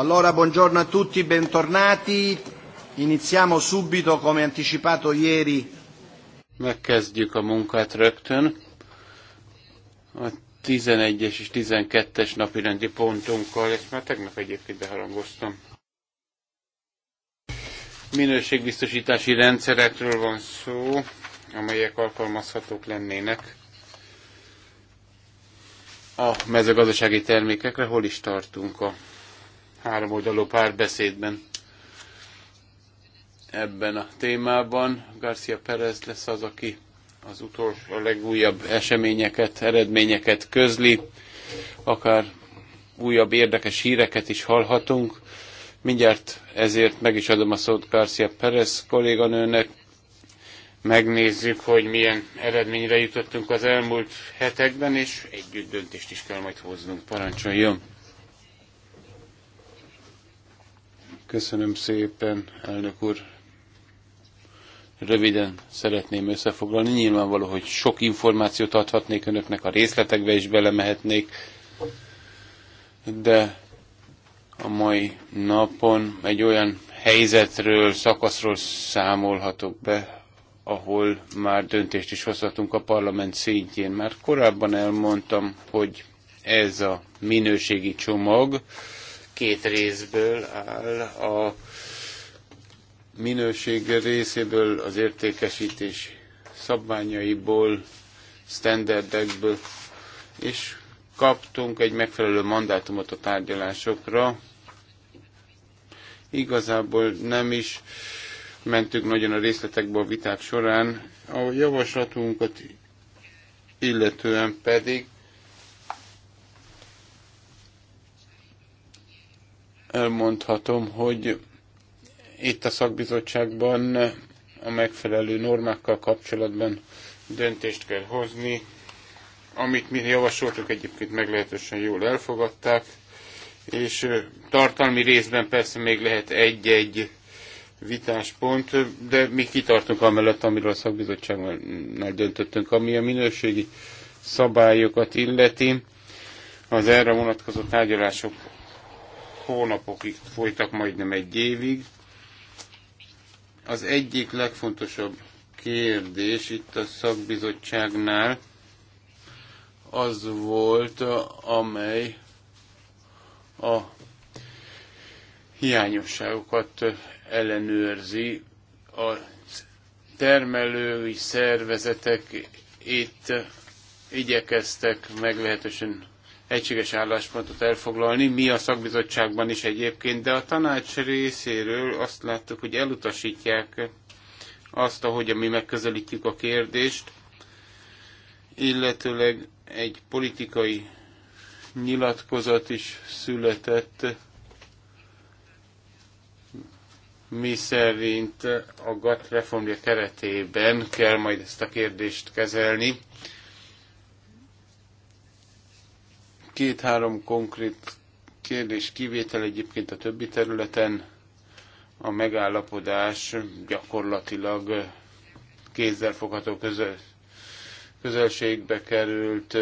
Allora, buongiorno a tutti, bentornati. Iniziamo subito, come anticipato ieri. Megkezdjük a munkát rögtön. A 11-es és 12-es napi rendi pontunkkal, ezt már tegnap egyébként beharangoztam. Minőségbiztosítási rendszerekről van szó, amelyek alkalmazhatók lennének a mezőgazdasági termékekre. Hol is tartunk a három oldalú párbeszédben ebben a témában. Garcia Perez lesz az, aki az utolsó, a legújabb eseményeket, eredményeket közli, akár újabb érdekes híreket is hallhatunk. Mindjárt ezért meg is adom a szót Garcia Perez kolléganőnek. Megnézzük, hogy milyen eredményre jutottunk az elmúlt hetekben, és együtt döntést is kell majd hoznunk. Parancsoljon! Köszönöm szépen, elnök úr. Röviden szeretném összefoglalni. Nyilvánvaló, hogy sok információt adhatnék önöknek, a részletekbe is belemehetnék, de a mai napon egy olyan helyzetről, szakaszról számolhatok be, ahol már döntést is hozhatunk a parlament szintjén. Már korábban elmondtam, hogy ez a minőségi csomag, két részből áll. A minőség részéből, az értékesítés szabványaiból, standardekből, és kaptunk egy megfelelő mandátumot a tárgyalásokra. Igazából nem is mentünk nagyon a részletekbe a viták során. A javaslatunkat illetően pedig elmondhatom, hogy itt a szakbizottságban a megfelelő normákkal kapcsolatban döntést kell hozni. Amit mi javasoltuk, egyébként meglehetősen jól elfogadták, és tartalmi részben persze még lehet egy-egy vitáspont, de mi kitartunk amellett, amiről a szakbizottságnál döntöttünk, ami a minőségi szabályokat illeti. Az erre vonatkozó tárgyalások hónapokig folytak, majdnem egy évig. Az egyik legfontosabb kérdés itt a szakbizottságnál az volt, amely a hiányosságokat ellenőrzi a termelői szervezetek itt igyekeztek meglehetősen egységes álláspontot elfoglalni, mi a szakbizottságban is egyébként, de a tanács részéről azt láttuk, hogy elutasítják azt, ahogy mi megközelítjük a kérdést, illetőleg egy politikai nyilatkozat is született, mi szerint a GATT reformja keretében kell majd ezt a kérdést kezelni Két-három konkrét kérdés kivétel egyébként a többi területen a megállapodás gyakorlatilag kézzelfogható közel, közelségbe került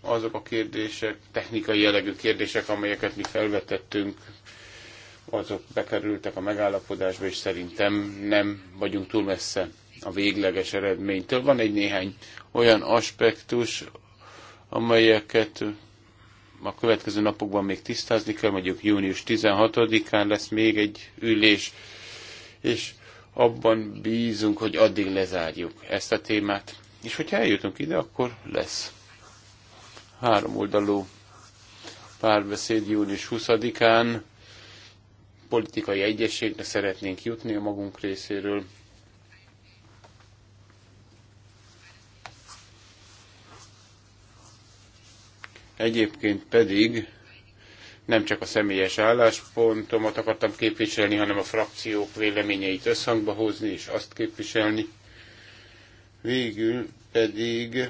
azok a kérdések, technikai jellegű kérdések, amelyeket mi felvetettünk, azok bekerültek a megállapodásba, és szerintem nem vagyunk túl messze a végleges eredménytől. Van egy néhány olyan aspektus, amelyeket a következő napokban még tisztázni kell, mondjuk június 16-án lesz még egy ülés, és abban bízunk, hogy addig lezárjuk ezt a témát. És hogyha eljutunk ide, akkor lesz három oldalú párbeszéd június 20-án. Politikai egyességre szeretnénk jutni a magunk részéről. Egyébként pedig nem csak a személyes álláspontomat akartam képviselni, hanem a frakciók véleményeit összhangba hozni és azt képviselni. Végül pedig,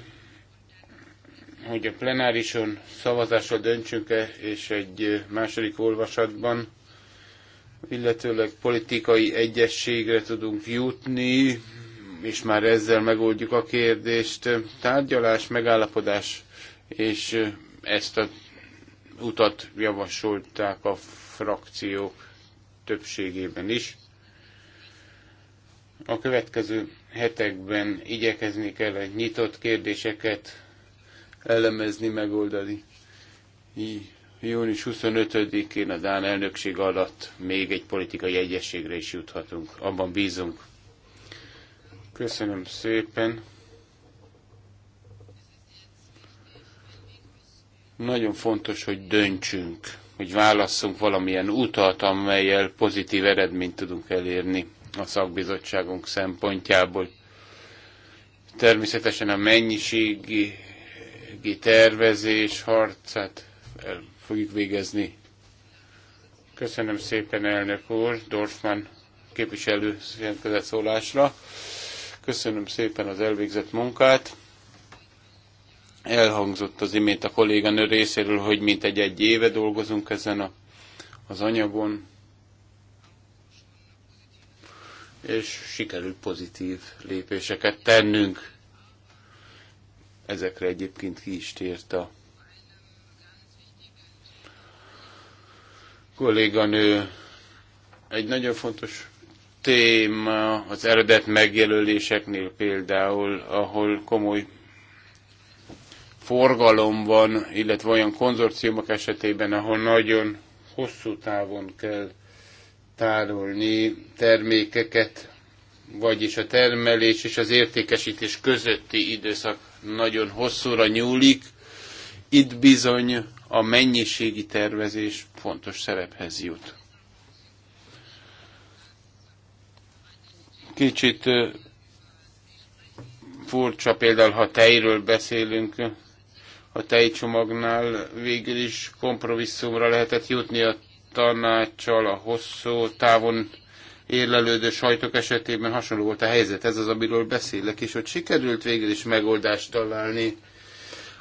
hogy a plenárison szavazásra döntsünk-e, és egy második olvasatban, illetőleg politikai egyességre tudunk jutni, és már ezzel megoldjuk a kérdést. Tárgyalás, megállapodás és ezt a utat javasolták a frakciók többségében is. A következő hetekben igyekezni kell egy nyitott kérdéseket elemezni, megoldani. Június 25-én a Dán elnökség alatt még egy politikai egyességre is juthatunk. Abban bízunk. Köszönöm szépen. Nagyon fontos, hogy döntsünk, hogy válasszunk valamilyen utat, amelyel pozitív eredményt tudunk elérni a szakbizottságunk szempontjából. Természetesen a mennyiségi tervezés harcát el fogjuk végezni. Köszönöm szépen, elnök úr, Dorfman képviselő szólásra. Köszönöm szépen az elvégzett munkát. Elhangzott az imént a kolléganő részéről, hogy mint egy egy éve dolgozunk ezen a, az anyagon, és sikerült pozitív lépéseket tennünk. Ezekre egyébként ki is tért a kolléganő. Egy nagyon fontos téma az eredet megjelöléseknél például, ahol komoly forgalom van, illetve olyan konzorciumok esetében, ahol nagyon hosszú távon kell tárolni termékeket, vagyis a termelés és az értékesítés közötti időszak nagyon hosszúra nyúlik. Itt bizony a mennyiségi tervezés fontos szerephez jut. Kicsit furcsa például, ha tejről beszélünk, a tejcsomagnál végül is kompromisszumra lehetett jutni a tanácssal a hosszú távon érlelődő sajtok esetében hasonló volt a helyzet. Ez az, amiről beszélek, és hogy sikerült végül is megoldást találni.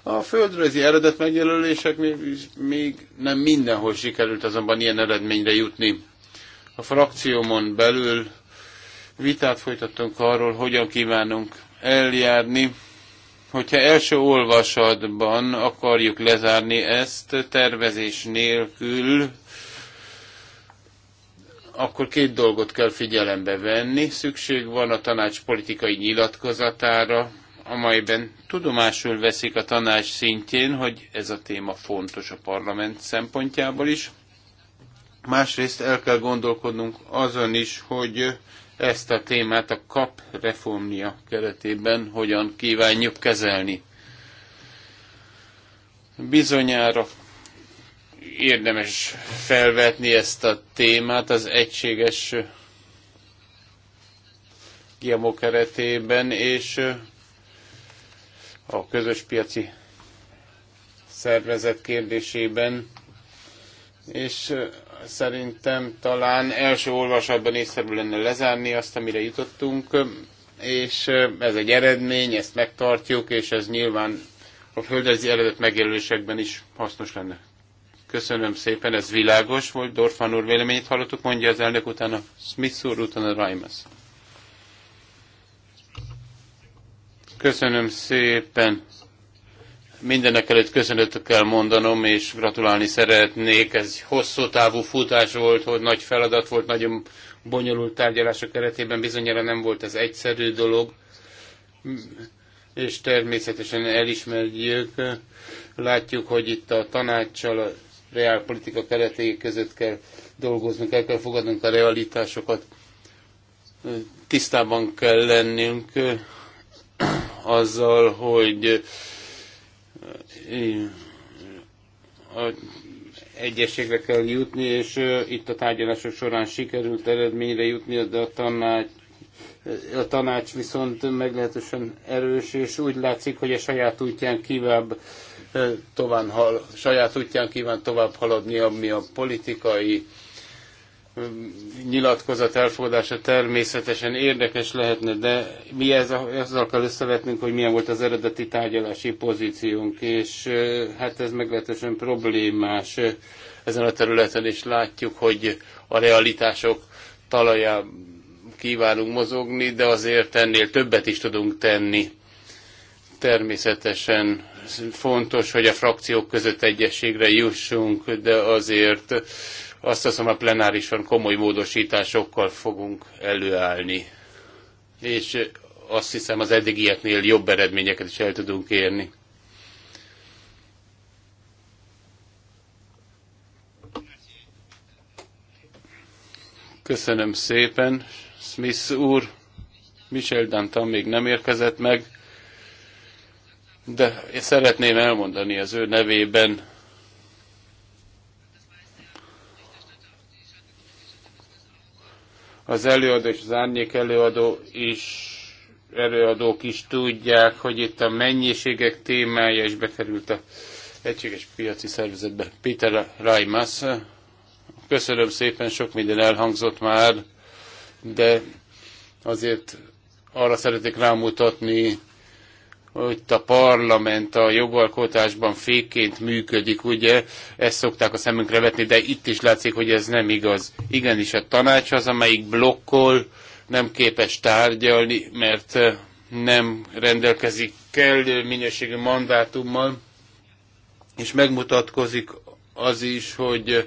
A földrajzi eredet megjelölések még, még nem mindenhol sikerült azonban ilyen eredményre jutni. A frakciómon belül vitát folytattunk arról, hogyan kívánunk eljárni Hogyha első olvasatban akarjuk lezárni ezt tervezés nélkül, akkor két dolgot kell figyelembe venni. Szükség van a tanács politikai nyilatkozatára, amelyben tudomásul veszik a tanács szintjén, hogy ez a téma fontos a parlament szempontjából is. Másrészt el kell gondolkodnunk azon is, hogy ezt a témát a KAP reformja keretében hogyan kívánjuk kezelni. Bizonyára érdemes felvetni ezt a témát az egységes GMO keretében, és a közös piaci szervezet kérdésében, és szerintem talán első olvasatban észszerű lenne lezárni azt, amire jutottunk, és ez egy eredmény, ezt megtartjuk, és ez nyilván a földrajzi eredet megjelölésekben is hasznos lenne. Köszönöm szépen, ez világos volt. Dorfan úr véleményét hallottuk, mondja az elnök utána Smith úr, utána Reimers. Köszönöm szépen. Mindenek előtt köszönetet kell mondanom, és gratulálni szeretnék. Ez hosszú távú futás volt, hogy nagy feladat volt, nagyon bonyolult tárgyalások keretében bizonyára nem volt ez egyszerű dolog, és természetesen elismerjük, látjuk, hogy itt a tanácssal, a reálpolitika keretei között kell dolgoznunk, el kell fogadnunk a realitásokat, tisztában kell lennünk azzal, hogy a egyességre kell jutni, és itt a tárgyalások során sikerült eredményre jutni, de a tanács a tanács viszont meglehetősen erős, és úgy látszik, hogy a saját útján kíván tovább, hal, saját útján kíván tovább haladni, ami a politikai nyilatkozat elfogadása természetesen érdekes lehetne, de mi ez, azzal kell összevetnünk, hogy milyen volt az eredeti tárgyalási pozíciónk, és hát ez meglehetősen problémás ezen a területen, és látjuk, hogy a realitások talajá kívánunk mozogni, de azért ennél többet is tudunk tenni. Természetesen fontos, hogy a frakciók között egyességre jussunk, de azért azt hiszem a plenárison komoly módosításokkal fogunk előállni. És azt hiszem az eddigieknél jobb eredményeket is el tudunk érni. Köszönöm szépen. Smith úr, Michel Dantan még nem érkezett meg, de szeretném elmondani az ő nevében, az előadó és az árnyék előadó is előadók is tudják, hogy itt a mennyiségek témája is bekerült a egységes piaci szervezetbe. Peter Raimas, köszönöm szépen, sok minden elhangzott már, de azért arra szeretnék rámutatni, hogy a parlament a jogalkotásban fékként működik, ugye, ezt szokták a szemünkre vetni, de itt is látszik, hogy ez nem igaz. Igenis, a tanács az, amelyik blokkol, nem képes tárgyalni, mert eh, nem rendelkezik kellő minőségű mandátummal, és megmutatkozik az is, hogy eh,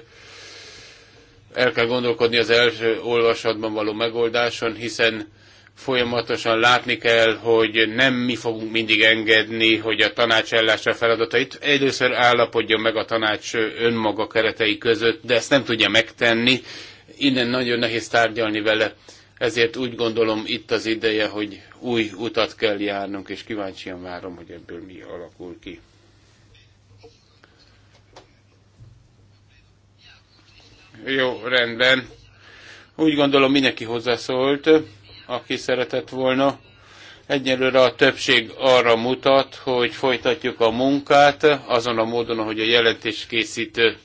el kell gondolkodni az első olvasatban való megoldáson, hiszen Folyamatosan látni kell, hogy nem mi fogunk mindig engedni, hogy a tanács ellássa a feladatait. Először állapodjon meg a tanács önmaga keretei között, de ezt nem tudja megtenni. Innen nagyon nehéz tárgyalni vele. Ezért úgy gondolom itt az ideje, hogy új utat kell járnunk, és kíváncsian várom, hogy ebből mi alakul ki. Jó, rendben. Úgy gondolom mindenki hozzászólt aki szeretett volna. Egyelőre a többség arra mutat, hogy folytatjuk a munkát azon a módon, ahogy a jelentéskészítő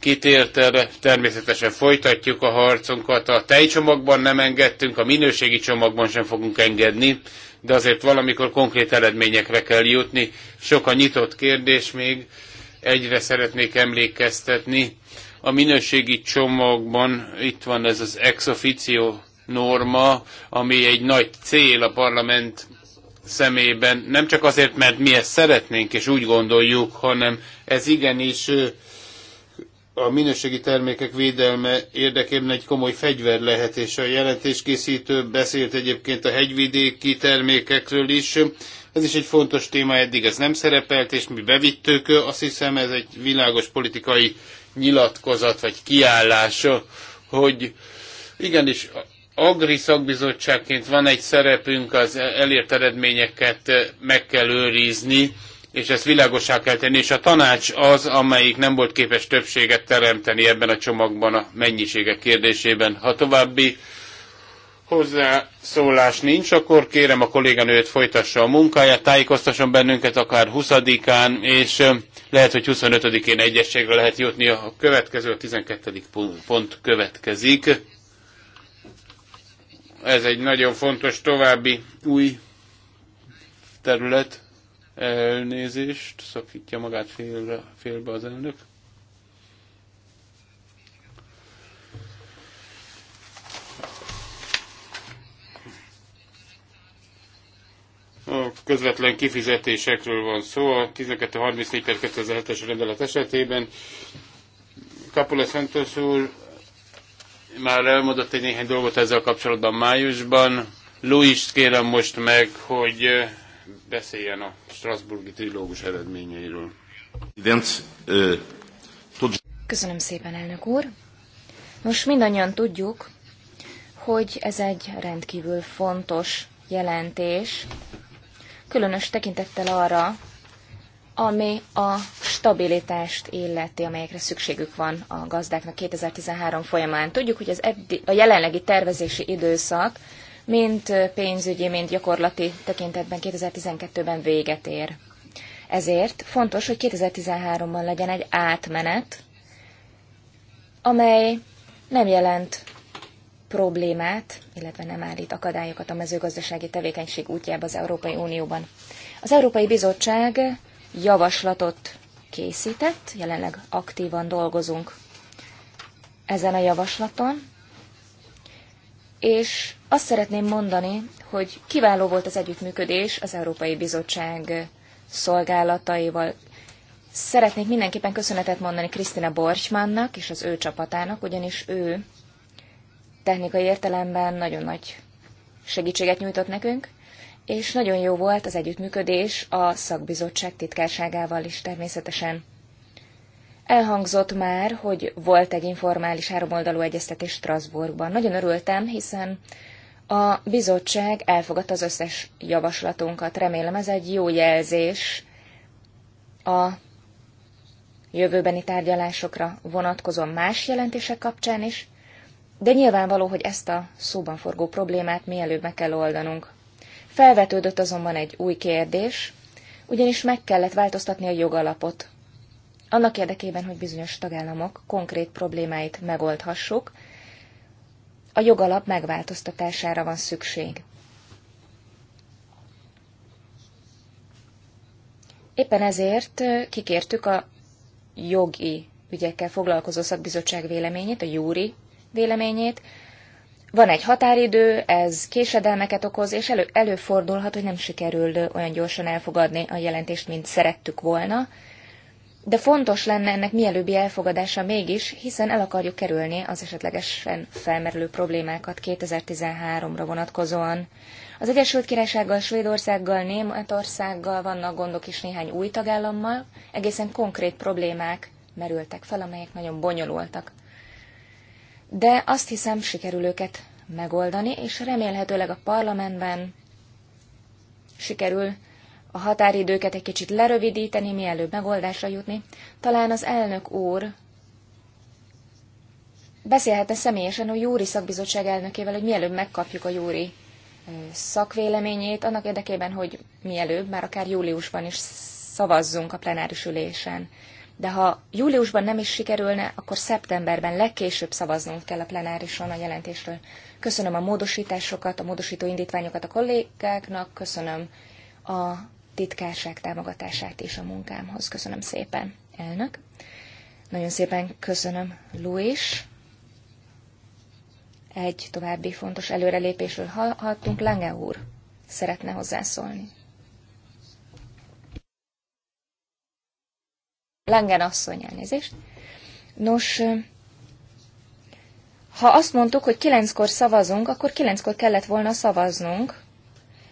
kitért erre. Természetesen folytatjuk a harcunkat. A tejcsomagban nem engedtünk, a minőségi csomagban sem fogunk engedni, de azért valamikor konkrét eredményekre kell jutni. Sok a nyitott kérdés még, egyre szeretnék emlékeztetni. A minőségi csomagban itt van ez az ex officio norma, ami egy nagy cél a parlament szemében, nem csak azért, mert mi ezt szeretnénk, és úgy gondoljuk, hanem ez igenis a minőségi termékek védelme érdekében egy komoly fegyver lehet, és a jelentéskészítő beszélt egyébként a hegyvidéki termékekről is. Ez is egy fontos téma, eddig ez nem szerepelt, és mi bevittük, azt hiszem ez egy világos politikai nyilatkozat, vagy kiállása, hogy igenis Agri szakbizottságként van egy szerepünk, az elért eredményeket meg kell őrizni, és ezt világosá kell tenni, és a tanács az, amelyik nem volt képes többséget teremteni ebben a csomagban a mennyiségek kérdésében. Ha további hozzászólás nincs, akkor kérem a kolléganőt folytassa a munkáját, tájékoztasson bennünket akár 20-án, és lehet, hogy 25-én egyességre lehet jutni, a következő, a 12. pont következik. Ez egy nagyon fontos további új terület. Elnézést, szakítja magát félre, félbe az elnök. A közvetlen kifizetésekről van szó. A 1234 per 2007-es rendelet esetében Kapula Szentos úr már elmondott egy néhány dolgot ezzel kapcsolatban májusban. louis kérem most meg, hogy beszéljen a Strasburgi trilógus eredményeiről. Köszönöm szépen, elnök úr. Most mindannyian tudjuk, hogy ez egy rendkívül fontos jelentés, különös tekintettel arra, ami a stabilitást illeti, amelyekre szükségük van a gazdáknak 2013 folyamán. Tudjuk, hogy az eddi, a jelenlegi tervezési időszak mind pénzügyi, mind gyakorlati tekintetben 2012-ben véget ér. Ezért fontos, hogy 2013-ban legyen egy átmenet, amely nem jelent problémát, illetve nem állít akadályokat a mezőgazdasági tevékenység útjába az Európai Unióban. Az Európai Bizottság javaslatot készített, jelenleg aktívan dolgozunk ezen a javaslaton, és azt szeretném mondani, hogy kiváló volt az együttműködés az Európai Bizottság szolgálataival. Szeretnék mindenképpen köszönetet mondani Krisztina Borcsmannak és az ő csapatának, ugyanis ő technikai értelemben nagyon nagy segítséget nyújtott nekünk, és nagyon jó volt az együttműködés a szakbizottság titkárságával is természetesen. Elhangzott már, hogy volt egy informális háromoldalú egyeztetés Strasbourgban. Nagyon örültem, hiszen a bizottság elfogadta az összes javaslatunkat. Remélem ez egy jó jelzés a jövőbeni tárgyalásokra vonatkozó más jelentések kapcsán is, de nyilvánvaló, hogy ezt a szóban forgó problémát mielőbb meg kell oldanunk. Felvetődött azonban egy új kérdés, ugyanis meg kellett változtatni a jogalapot. Annak érdekében, hogy bizonyos tagállamok konkrét problémáit megoldhassuk, a jogalap megváltoztatására van szükség. Éppen ezért kikértük a jogi ügyekkel foglalkozó szakbizottság véleményét, a júri véleményét, van egy határidő, ez késedelmeket okoz, és elő, előfordulhat, hogy nem sikerül olyan gyorsan elfogadni a jelentést, mint szerettük volna, de fontos lenne ennek mielőbbi elfogadása mégis, hiszen el akarjuk kerülni az esetlegesen felmerülő problémákat 2013-ra vonatkozóan. Az Egyesült Királysággal, Svédországgal, Németországgal vannak gondok is néhány új tagállammal, egészen konkrét problémák merültek fel, amelyek nagyon bonyolultak de azt hiszem sikerül őket megoldani, és remélhetőleg a parlamentben sikerül a határidőket egy kicsit lerövidíteni, mielőbb megoldásra jutni. Talán az elnök úr beszélhetne személyesen a Júri szakbizottság elnökével, hogy mielőbb megkapjuk a Júri szakvéleményét, annak érdekében, hogy mielőbb, már akár júliusban is szavazzunk a plenáris ülésen de ha júliusban nem is sikerülne, akkor szeptemberben legkésőbb szavaznunk kell a plenárison a jelentésről. Köszönöm a módosításokat, a módosító indítványokat a kollégáknak, köszönöm a titkárság támogatását és a munkámhoz. Köszönöm szépen, elnök. Nagyon szépen köszönöm, Luis. Egy további fontos előrelépésről hallhattunk. Lange úr szeretne hozzászólni. Langen asszony elnézést. Nos, ha azt mondtuk, hogy kilenckor szavazunk, akkor kilenckor kellett volna szavaznunk.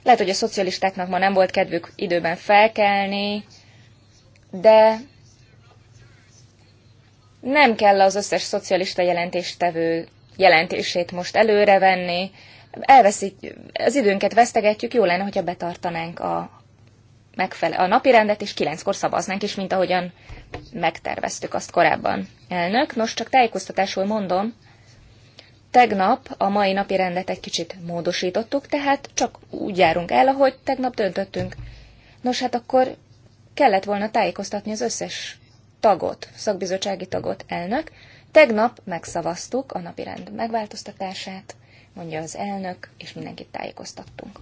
Lehet, hogy a szocialistáknak ma nem volt kedvük időben felkelni, de nem kell az összes szocialista jelentéstevő jelentését most előrevenni. Elveszít, az időnket vesztegetjük, jó lenne, hogyha betartanánk a megfele- a napirendet, és kilenckor szavaznánk is, mint ahogyan megterveztük azt korábban. Elnök, nos csak tájékoztatásul mondom, tegnap a mai napi rendet egy kicsit módosítottuk, tehát csak úgy járunk el, ahogy tegnap döntöttünk. Nos, hát akkor kellett volna tájékoztatni az összes tagot, szakbizottsági tagot elnök. Tegnap megszavaztuk a napi rend megváltoztatását, mondja az elnök, és mindenkit tájékoztattunk.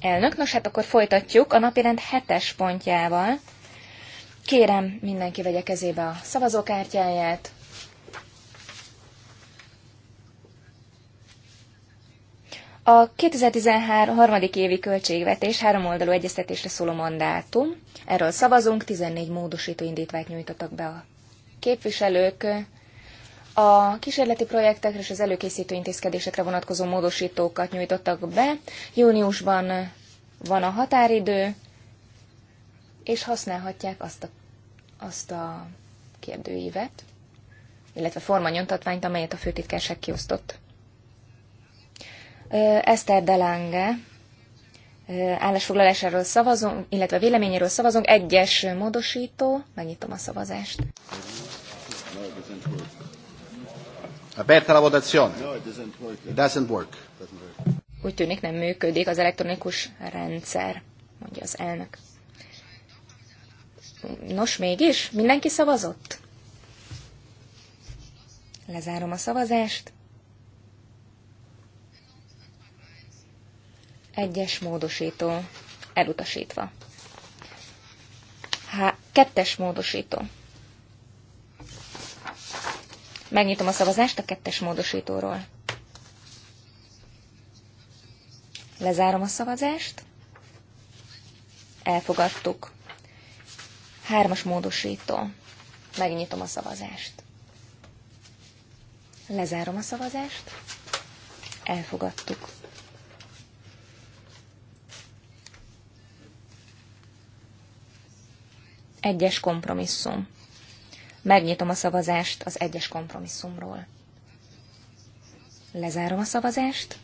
Elnök, nos hát akkor folytatjuk a napirend hetes pontjával. Kérem, mindenki vegye kezébe a szavazókártyáját. A 2013. harmadik évi költségvetés háromoldalú egyeztetésre szóló mandátum. Erről szavazunk, 14 módosító indítványt nyújtottak be a képviselők. A kísérleti projektekre és az előkészítő intézkedésekre vonatkozó módosítókat nyújtottak be. Júniusban van a határidő, és használhatják azt a, azt a kérdőívet, illetve formanyomtatványt, amelyet a főtitkárság kiosztott. Eszter Delange állásfoglalásáról szavazunk, illetve véleményéről szavazunk, egyes módosító, megnyitom a szavazást. Aperta la votazione. It doesn't work. Úgy tűnik nem működik az elektronikus rendszer, mondja az elnök. Nos, mégis, mindenki szavazott? Lezárom a szavazást. Egyes módosító elutasítva. Há, kettes módosító Megnyitom a szavazást a kettes módosítóról. Lezárom a szavazást. Elfogadtuk. Hármas módosító. Megnyitom a szavazást. Lezárom a szavazást. Elfogadtuk. Egyes kompromisszum. Megnyitom a szavazást az egyes kompromisszumról. Lezárom a szavazást.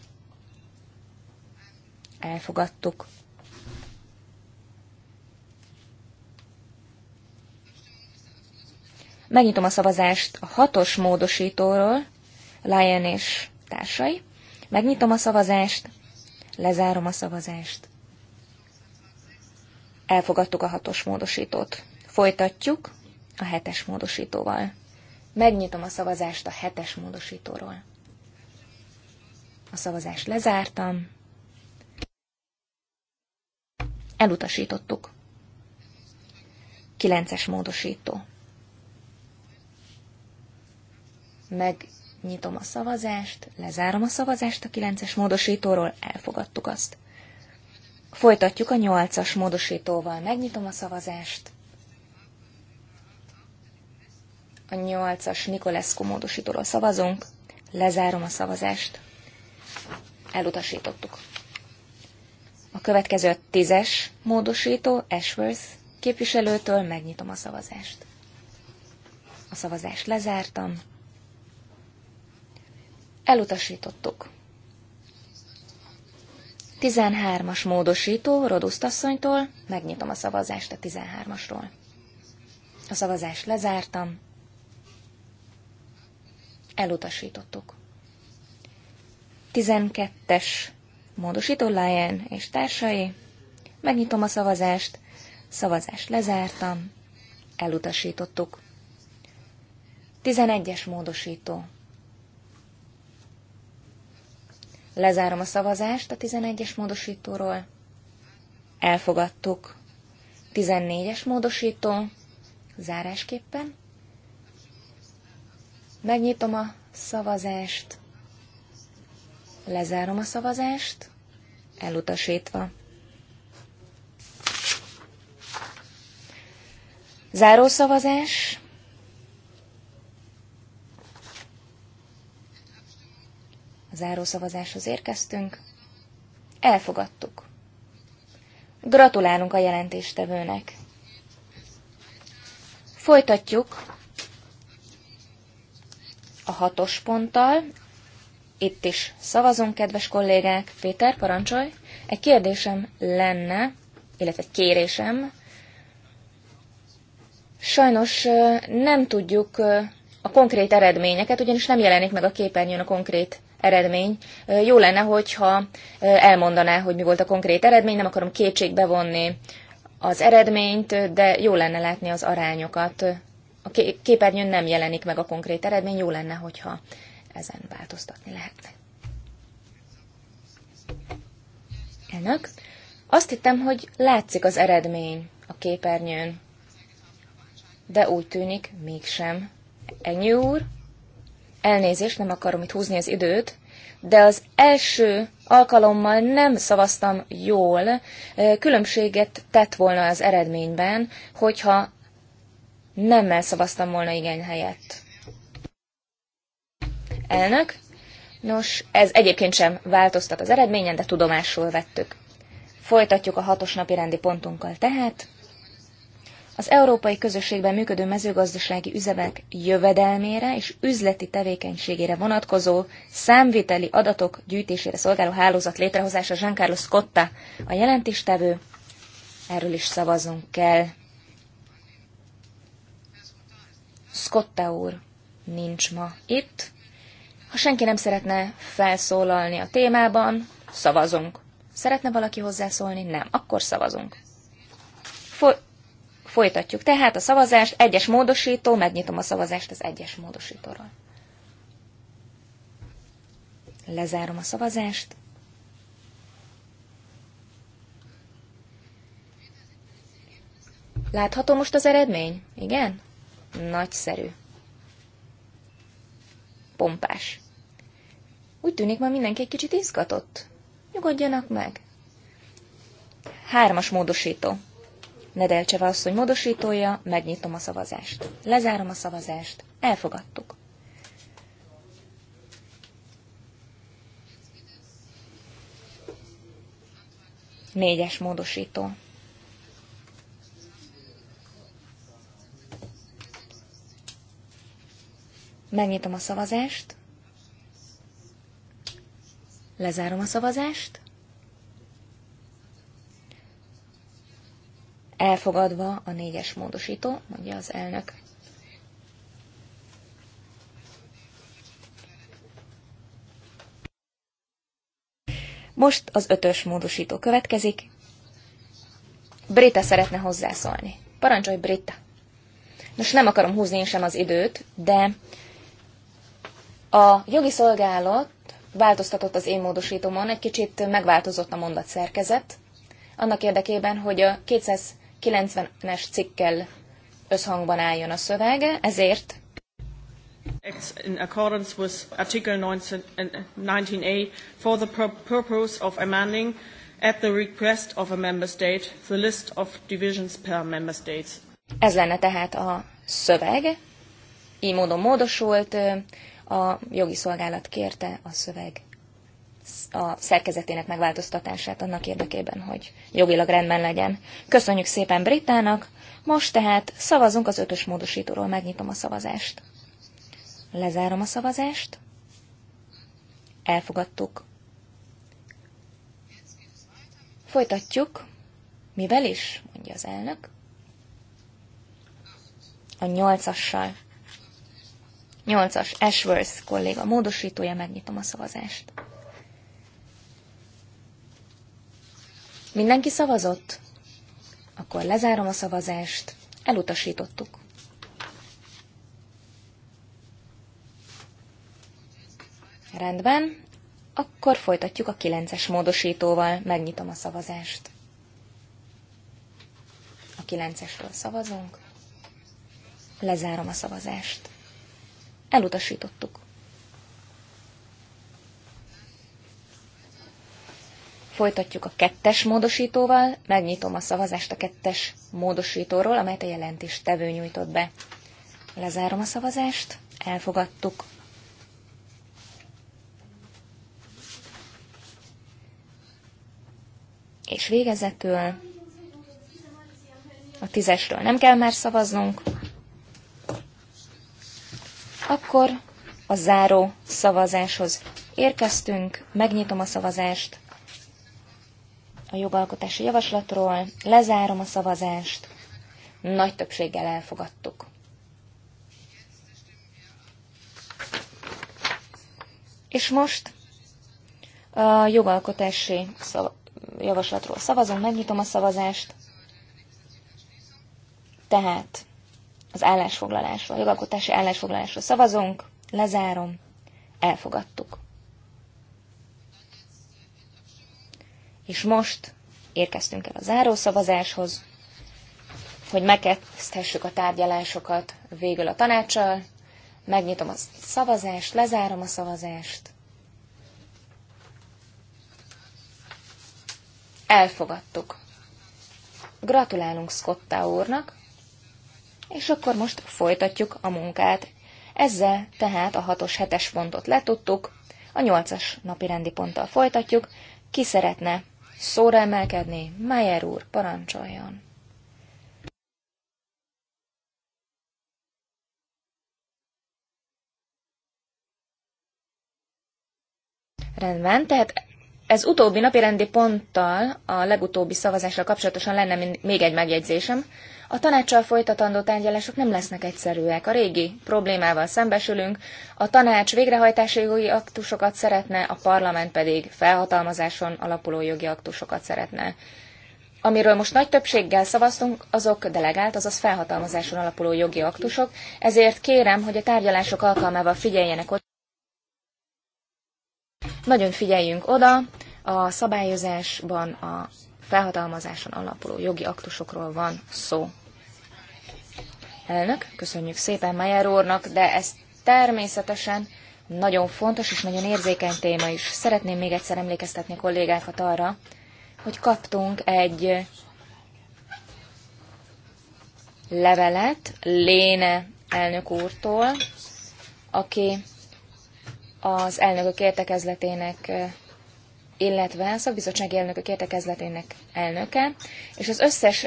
Elfogadtuk. Megnyitom a szavazást a hatos módosítóról, Lion és társai. Megnyitom a szavazást, lezárom a szavazást. Elfogadtuk a hatos módosítót. Folytatjuk a hetes módosítóval. Megnyitom a szavazást a hetes módosítóról. A szavazást lezártam. Elutasítottuk. Kilences módosító. Megnyitom a szavazást, lezárom a szavazást a kilences módosítóról, elfogadtuk azt. Folytatjuk a nyolcas módosítóval. Megnyitom a szavazást. A nyolcas as Nikolescu módosítóról szavazunk. Lezárom a szavazást. Elutasítottuk. A következő a tízes módosító Ashworth képviselőtől megnyitom a szavazást. A szavazást lezártam. Elutasítottuk. 13-as módosító Rodusztasszonytól megnyitom a szavazást a 13-asról. A szavazást lezártam elutasítottuk. 12-es módosító Lion és társai. Megnyitom a szavazást, szavazást lezártam, elutasítottuk. 11-es módosító. Lezárom a szavazást a 11-es módosítóról. Elfogadtuk. 14-es módosító. Zárásképpen. Megnyitom a szavazást. Lezárom a szavazást. Elutasítva. Záró szavazás. A záró szavazáshoz érkeztünk. Elfogadtuk. Gratulálunk a jelentéstevőnek. Folytatjuk a hatos ponttal. Itt is szavazunk, kedves kollégák. Péter, parancsolj! Egy kérdésem lenne, illetve egy kérésem. Sajnos nem tudjuk a konkrét eredményeket, ugyanis nem jelenik meg a képernyőn a konkrét eredmény. Jó lenne, hogyha elmondaná, hogy mi volt a konkrét eredmény, nem akarom kétségbe vonni az eredményt, de jó lenne látni az arányokat a képernyőn nem jelenik meg a konkrét eredmény, jó lenne, hogyha ezen változtatni lehetne. Ennek. azt hittem, hogy látszik az eredmény a képernyőn, de úgy tűnik, mégsem. Ennyi úr, elnézést, nem akarom itt húzni az időt, de az első alkalommal nem szavaztam jól, különbséget tett volna az eredményben, hogyha nemmel szavaztam volna igen helyett. Elnök, nos, ez egyébként sem változtat az eredményen, de tudomásul vettük. Folytatjuk a hatos napi rendi pontunkkal tehát. Az európai közösségben működő mezőgazdasági üzemek jövedelmére és üzleti tevékenységére vonatkozó számviteli adatok gyűjtésére szolgáló hálózat létrehozása Giancarlo Scotta a jelentéstevő. Erről is szavazunk kell. Scotta úr nincs ma itt. Ha senki nem szeretne felszólalni a témában, szavazunk. Szeretne valaki hozzászólni? Nem. Akkor szavazunk. Fo- folytatjuk tehát a szavazást. Egyes módosító, megnyitom a szavazást az egyes módosítóról. Lezárom a szavazást. Látható most az eredmény? Igen? nagyszerű. Pompás. Úgy tűnik, ma mindenki egy kicsit izgatott. Nyugodjanak meg. Hármas módosító. Nedelcseve asszony módosítója, megnyitom a szavazást. Lezárom a szavazást. Elfogadtuk. Négyes módosító. Megnyitom a szavazást. Lezárom a szavazást. Elfogadva a négyes módosító, mondja az elnök. Most az ötös módosító következik. Brita szeretne hozzászólni. Parancsolj, Brita! Nos, nem akarom húzni én sem az időt, de a jogi szolgálat változtatott az én módosítomon, egy kicsit megváltozott a mondat szerkezet, annak érdekében, hogy a 290-es cikkel összhangban álljon a szövege, ezért in accordance with Article 19, 19A for the purpose of amending at the request of a member state the list of divisions per member states. Ez lenne tehát a szöveg, így módon módosult, a jogi szolgálat kérte a szöveg a szerkezetének megváltoztatását annak érdekében, hogy jogilag rendben legyen. Köszönjük szépen Britának, most tehát szavazunk az ötös módosítóról, megnyitom a szavazást. Lezárom a szavazást. Elfogadtuk. Folytatjuk. Mivel is? mondja az elnök. A nyolcassal. 8-as Ashworth kolléga módosítója, megnyitom a szavazást. Mindenki szavazott? Akkor lezárom a szavazást. Elutasítottuk. Rendben, akkor folytatjuk a 9-es módosítóval, megnyitom a szavazást. A 9-esről szavazunk. Lezárom a szavazást. Elutasítottuk. Folytatjuk a kettes módosítóval, megnyitom a szavazást a kettes módosítóról, amelyet a tevő nyújtott be. Lezárom a szavazást, elfogadtuk. És végezetül a tízesről nem kell már szavaznunk, akkor a záró szavazáshoz érkeztünk, megnyitom a szavazást a jogalkotási javaslatról, lezárom a szavazást, nagy többséggel elfogadtuk. És most a jogalkotási javaslatról szavazom. megnyitom a szavazást. Tehát az állásfoglalásról, jogalkotási állásfoglalásról szavazunk, lezárom, elfogadtuk. És most érkeztünk el a zárószavazáshoz, hogy megkezdhessük a tárgyalásokat végül a tanácssal. Megnyitom a szavazást, lezárom a szavazást. Elfogadtuk. Gratulálunk Scotta úrnak, és akkor most folytatjuk a munkát. Ezzel tehát a 6-os 7-es pontot letudtuk, a 8-as napi rendi ponttal folytatjuk. Ki szeretne szóra emelkedni? Meyer úr, parancsoljon! Rendben, tehát ez utóbbi napirendi ponttal, a legutóbbi szavazással kapcsolatosan lenne még egy megjegyzésem. A tanácssal folytatandó tárgyalások nem lesznek egyszerűek. A régi problémával szembesülünk, a tanács végrehajtási jogi aktusokat szeretne, a parlament pedig felhatalmazáson alapuló jogi aktusokat szeretne. Amiről most nagy többséggel szavaztunk, azok delegált, azaz felhatalmazáson alapuló jogi aktusok, ezért kérem, hogy a tárgyalások alkalmával figyeljenek oda. Nagyon figyeljünk oda, a szabályozásban a felhatalmazáson alapuló jogi aktusokról van szó. Elnök, köszönjük szépen Mayer úrnak, de ez természetesen nagyon fontos és nagyon érzékeny téma is. Szeretném még egyszer emlékeztetni a kollégákat arra, hogy kaptunk egy levelet Léne elnök úrtól, aki az elnökök értekezletének illetve a szakbizottsági elnökök értekezletének elnöke, és az összes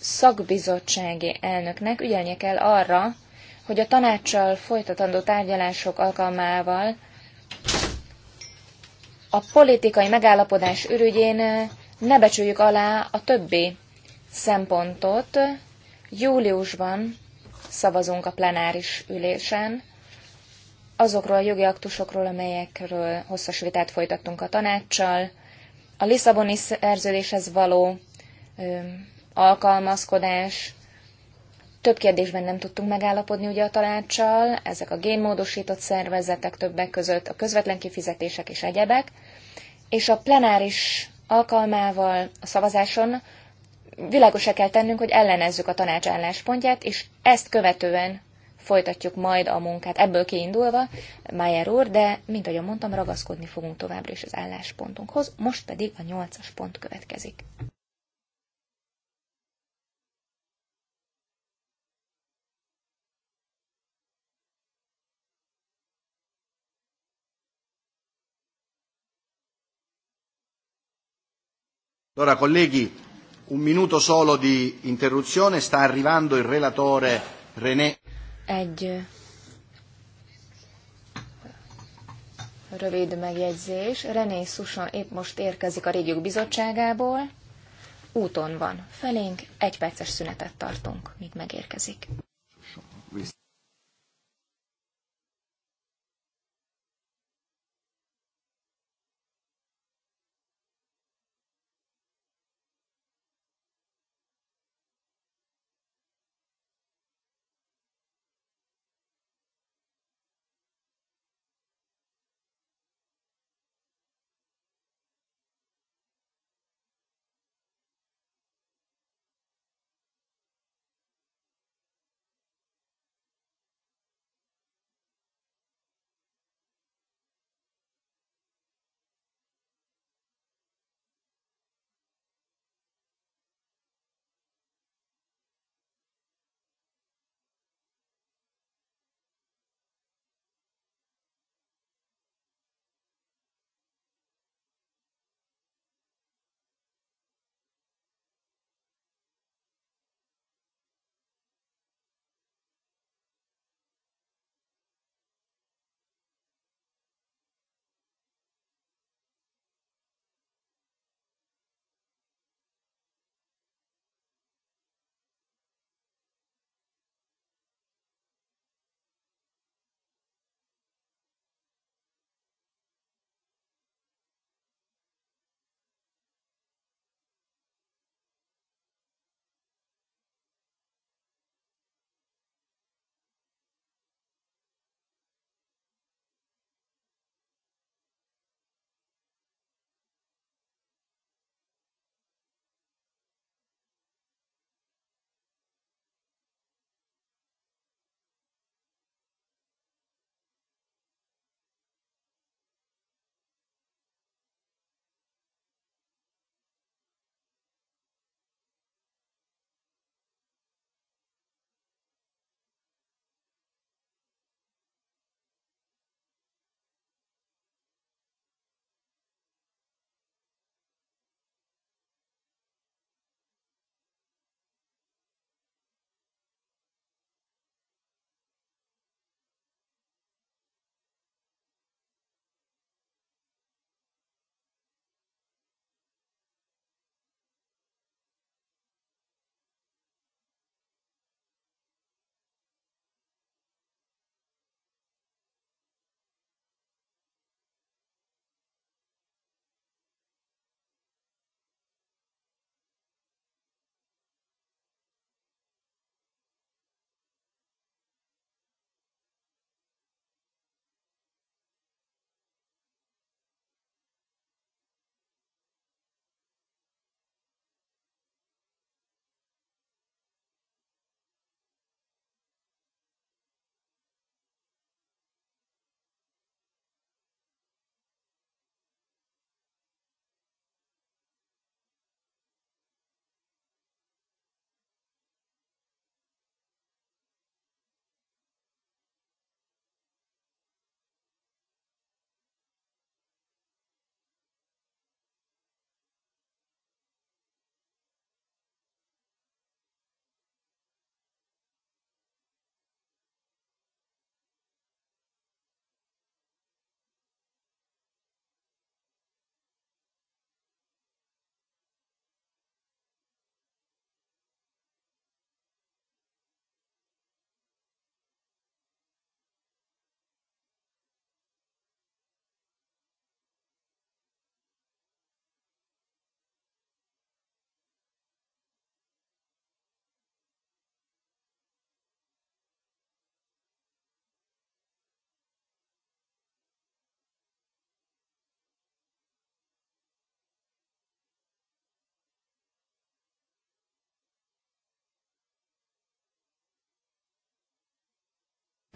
szakbizottsági elnöknek ügyelnie kell arra, hogy a tanácssal folytatandó tárgyalások alkalmával a politikai megállapodás ürügyén ne becsüljük alá a többi szempontot. Júliusban szavazunk a plenáris ülésen, azokról a jogi aktusokról, amelyekről hosszas vitát folytattunk a tanácssal, a Lisszaboni szerződéshez való ö, alkalmazkodás, több kérdésben nem tudtunk megállapodni ugye a tanácssal, ezek a génmódosított szervezetek többek között, a közvetlen kifizetések és egyebek, és a plenáris alkalmával a szavazáson világosá kell tennünk, hogy ellenezzük a tanács álláspontját, és ezt követően folytatjuk majd a munkát ebből kiindulva, Mayer úr, de, mint ahogy mondtam, ragaszkodni fogunk továbbra is az álláspontunkhoz, most pedig a nyolcas pont következik. Allora, colleghi, un minuto solo di interruzione, sta arrivando il relatore René. Egy rövid megjegyzés. René Susan épp most érkezik a régiók bizottságából. Úton van felénk, egy perces szünetet tartunk, míg megérkezik.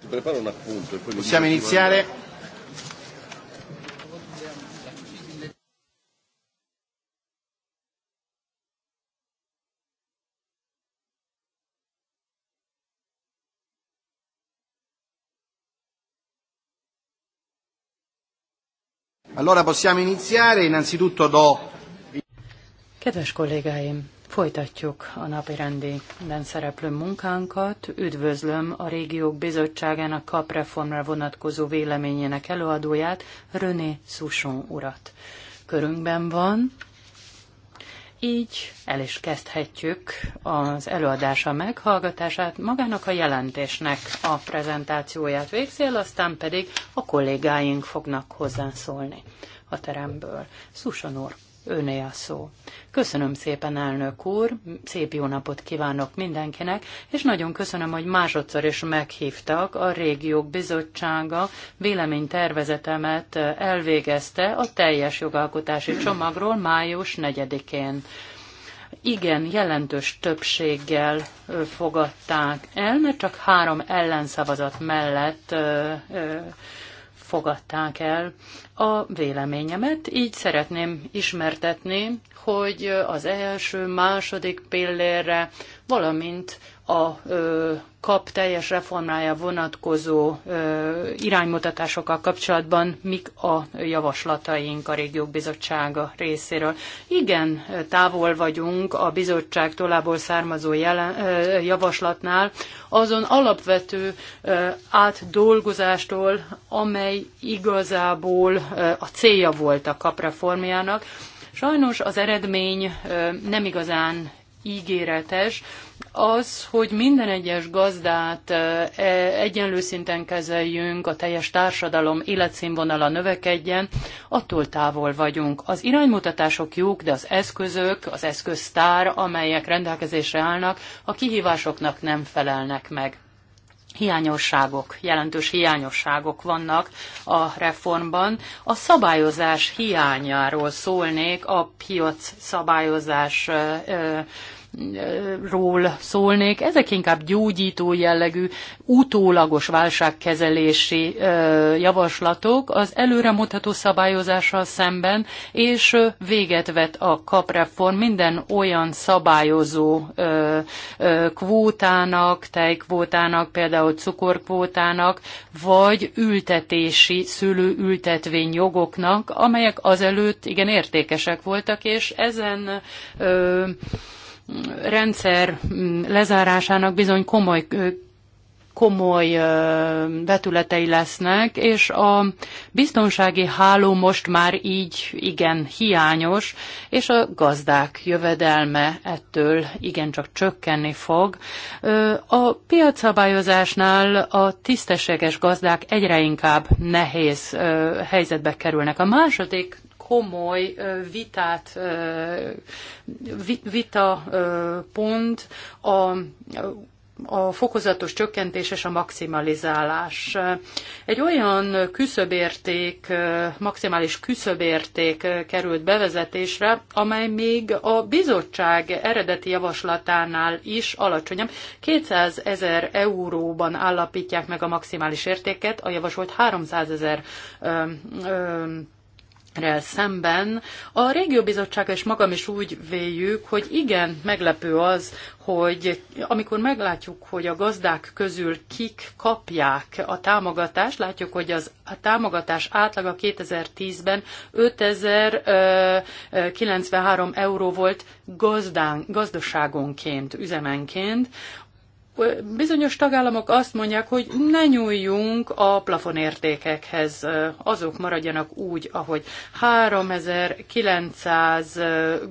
Preparo un appunto. E possiamo iniziare? Allora possiamo iniziare, innanzitutto do... Kedves kollégáim, Folytatjuk a napi rendben szereplő munkánkat. Üdvözlöm a Régiók Bizottságának kapreformra vonatkozó véleményének előadóját, René Souchon urat. Körünkben van, így el is kezdhetjük az előadása meghallgatását, magának a jelentésnek a prezentációját végzél, aztán pedig a kollégáink fognak hozzászólni a teremből. Susan úr, Öné a szó. Köszönöm szépen, elnök úr, szép jó napot kívánok mindenkinek, és nagyon köszönöm, hogy másodszor is meghívtak. A Régiók Bizottsága véleménytervezetemet elvégezte a teljes jogalkotási csomagról május 4-én igen jelentős többséggel fogadták el, mert csak három ellenszavazat mellett fogadták el a véleményemet. Így szeretném ismertetni, hogy az első, második pillérre, valamint a kap teljes reformája vonatkozó iránymutatásokkal kapcsolatban mik a javaslataink a régiók bizottsága részéről. Igen, távol vagyunk a bizottság tolából származó jelen, javaslatnál, azon alapvető átdolgozástól, amely igazából a célja volt a kap reformjának. Sajnos az eredmény nem igazán ígéretes, az, hogy minden egyes gazdát e, e, egyenlő szinten kezeljünk, a teljes társadalom életszínvonala növekedjen, attól távol vagyunk. Az iránymutatások jók, de az eszközök, az eszköztár, amelyek rendelkezésre állnak, a kihívásoknak nem felelnek meg hiányosságok, jelentős hiányosságok vannak a reformban. A szabályozás hiányáról szólnék, a piac szabályozás e, ról szólnék. Ezek inkább gyógyító jellegű, utólagos válságkezelési javaslatok az előremutató szabályozással szemben, és véget vet a kapreform minden olyan szabályozó kvótának, tejkvótának, például cukorkvótának, vagy ültetési, szülőültetvény jogoknak, amelyek azelőtt igen értékesek voltak, és ezen ö, rendszer mm, lezárásának bizony komoly komoly vetületei lesznek, és a biztonsági háló most már így igen hiányos, és a gazdák jövedelme ettől igencsak csökkenni fog. A piacszabályozásnál a tisztességes gazdák egyre inkább nehéz helyzetbe kerülnek. A második komoly vitát, vita pont a a fokozatos csökkentés és a maximalizálás. Egy olyan küszöbérték, maximális küszöbérték került bevezetésre, amely még a bizottság eredeti javaslatánál is alacsonyabb. 200 ezer euróban állapítják meg a maximális értéket, a javasolt 300 ezer rel szemben. A régióbizottság és magam is úgy véljük, hogy igen, meglepő az, hogy amikor meglátjuk, hogy a gazdák közül kik kapják a támogatást, látjuk, hogy az, a támogatás átlaga 2010-ben 5093 euró volt gazdán, gazdaságonként, üzemenként bizonyos tagállamok azt mondják, hogy ne nyúljunk a plafonértékekhez, azok maradjanak úgy, ahogy 3900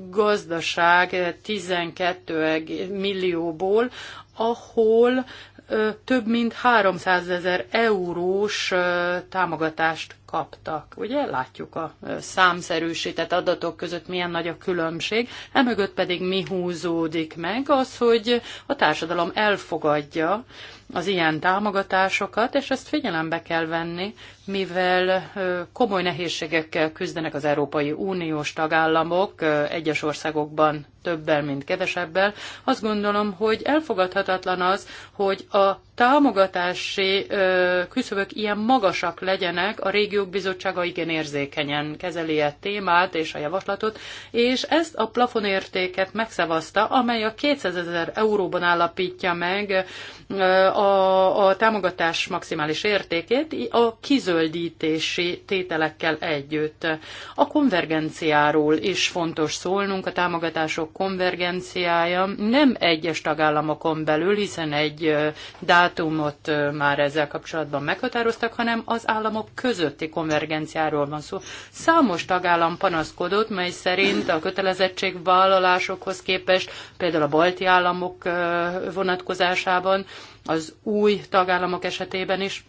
gazdaság 12 millióból, ahol több mint 300 ezer eurós támogatást kaptak. Ugye látjuk a számszerűsített adatok között milyen nagy a különbség, emögött pedig mi húzódik meg az, hogy a társadalom elfogadja az ilyen támogatásokat, és ezt figyelembe kell venni, mivel komoly nehézségekkel küzdenek az Európai Uniós tagállamok, egyes országokban többel, mint kevesebbel. Azt gondolom, hogy elfogadhatatlan az, hogy a támogatási küszöbök ilyen magasak legyenek a régió régiók bizottsága igen érzékenyen kezeli a e témát és a javaslatot, és ezt a plafonértéket megszavazta, amely a 200 ezer euróban állapítja meg a, a támogatás maximális értékét a kizöldítési tételekkel együtt. A konvergenciáról is fontos szólnunk, a támogatások konvergenciája nem egyes tagállamokon belül, hiszen egy dátumot már ezzel kapcsolatban meghatároztak, hanem az államok közötti konvergenciáról van szó. Számos tagállam panaszkodott, mely szerint a kötelezettségvállalásokhoz képest, például a balti államok vonatkozásában, az új tagállamok esetében is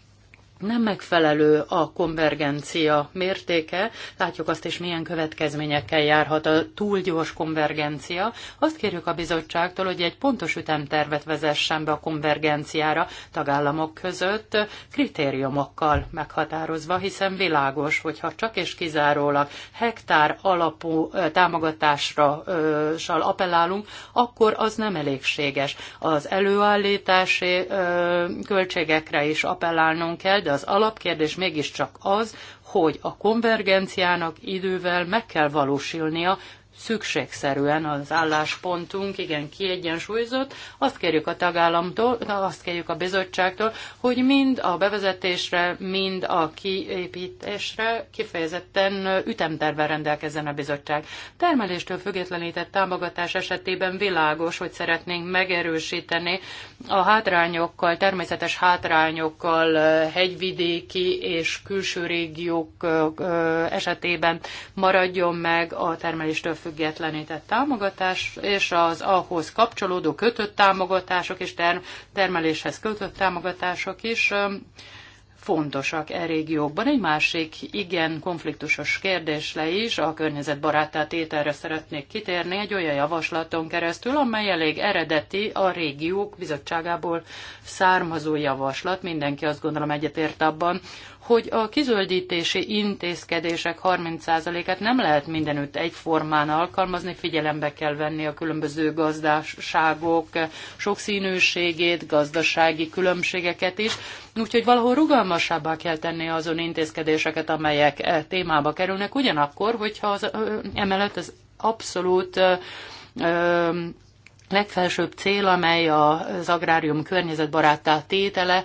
nem megfelelő a konvergencia mértéke, látjuk azt is, milyen következményekkel járhat a túl gyors konvergencia. Azt kérjük a bizottságtól, hogy egy pontos ütemtervet vezessen be a konvergenciára tagállamok között kritériumokkal meghatározva, hiszen világos, hogyha csak és kizárólag hektár alapú támogatásra appellálunk, akkor az nem elégséges. Az előállítási költségekre is appellálnunk kell, de az alapkérdés mégiscsak az, hogy a konvergenciának idővel meg kell valósulnia, szükségszerűen az álláspontunk igen kiegyensúlyozott. Azt kérjük a tagállamtól, azt kérjük a bizottságtól, hogy mind a bevezetésre, mind a kiépítésre kifejezetten ütemtervel rendelkezzen a bizottság. Termeléstől függetlenített támogatás esetében világos, hogy szeretnénk megerősíteni a hátrányokkal, természetes hátrányokkal eh, hegyvidéki és külső régiók eh, eh, esetében maradjon meg a termeléstől függetlenített támogatás és az ahhoz kapcsolódó kötött támogatások és termeléshez kötött támogatások is fontosak e régiókban. Egy másik igen konfliktusos le is a környezetbarátá tételre szeretnék kitérni egy olyan javaslaton keresztül, amely elég eredeti a régiók bizottságából származó javaslat. Mindenki azt gondolom egyetért abban, hogy a kizöldítési intézkedések 30%-át nem lehet mindenütt egyformán alkalmazni, figyelembe kell venni a különböző gazdaságok sokszínűségét, gazdasági különbségeket is, úgyhogy valahol rugalmasabbá kell tenni azon intézkedéseket, amelyek e témába kerülnek, ugyanakkor, hogyha az, emellett az abszolút legfelsőbb cél, amely az agrárium környezetbaráttá tétele,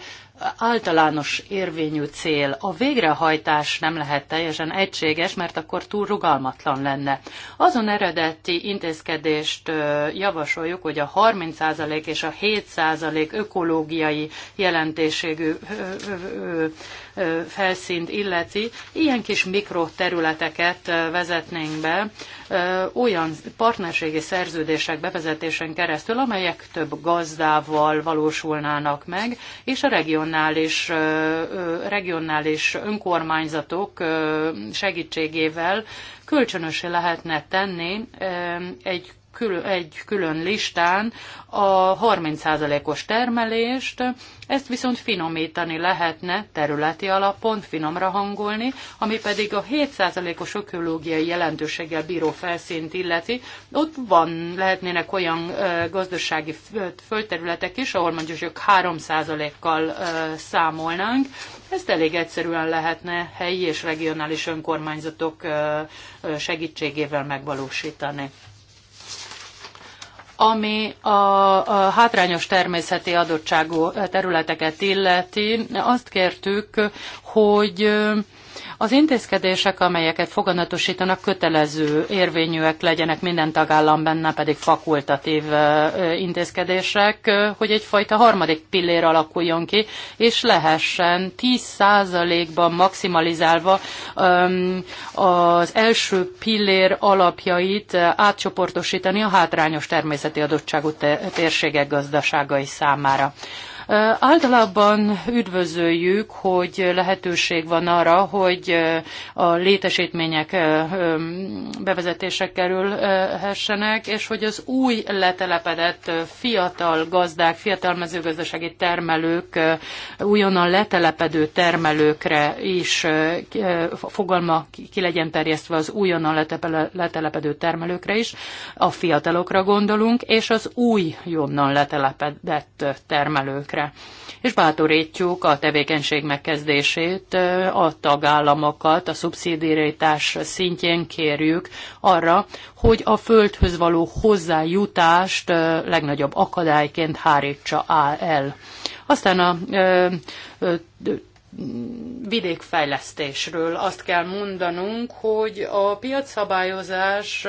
általános érvényű cél. A végrehajtás nem lehet teljesen egységes, mert akkor túl rugalmatlan lenne. Azon eredeti intézkedést javasoljuk, hogy a 30% és a 7% ökológiai jelentésségű felszínt illeti, ilyen kis mikroterületeket vezetnénk be olyan partnerségi szerződések bevezetésen keresztül, amelyek több gazdával valósulnának meg, és a region regionális, regionális önkormányzatok segítségével kölcsönösé lehetne tenni egy külön, egy külön listán a 30%-os termelést, ezt viszont finomítani lehetne területi alapon, finomra hangolni, ami pedig a 7%-os ökológiai jelentőséggel bíró felszínt illeti. Ott van, lehetnének olyan gazdasági földterületek is, ahol mondjuk 3%-kal számolnánk, ezt elég egyszerűen lehetne helyi és regionális önkormányzatok segítségével megvalósítani. Ami a, a hátrányos természeti adottságú területeket illeti, azt kértük, hogy az intézkedések, amelyeket foganatosítanak, kötelező érvényűek legyenek minden tagállamban, ne pedig fakultatív intézkedések, hogy egyfajta harmadik pillér alakuljon ki, és lehessen 10%-ban maximalizálva az első pillér alapjait átcsoportosítani a hátrányos természeti adottságú térségek gazdaságai számára. Általában üdvözöljük, hogy lehetőség van arra, hogy a létesítmények bevezetése kerülhessenek, és hogy az új letelepedett fiatal gazdák, fiatal mezőgazdasági termelők, újonnan letelepedő termelőkre is fogalma ki legyen terjesztve az újonnan letelepedő termelőkre is, a fiatalokra gondolunk, és az újonnan letelepedett termelőkre területekre, és bátorítjuk a tevékenység megkezdését, a tagállamokat a szubszidiaritás szintjén kérjük arra, hogy a földhöz való hozzájutást legnagyobb akadályként hárítsa el. Aztán a vidékfejlesztésről. Azt kell mondanunk, hogy a piacszabályozás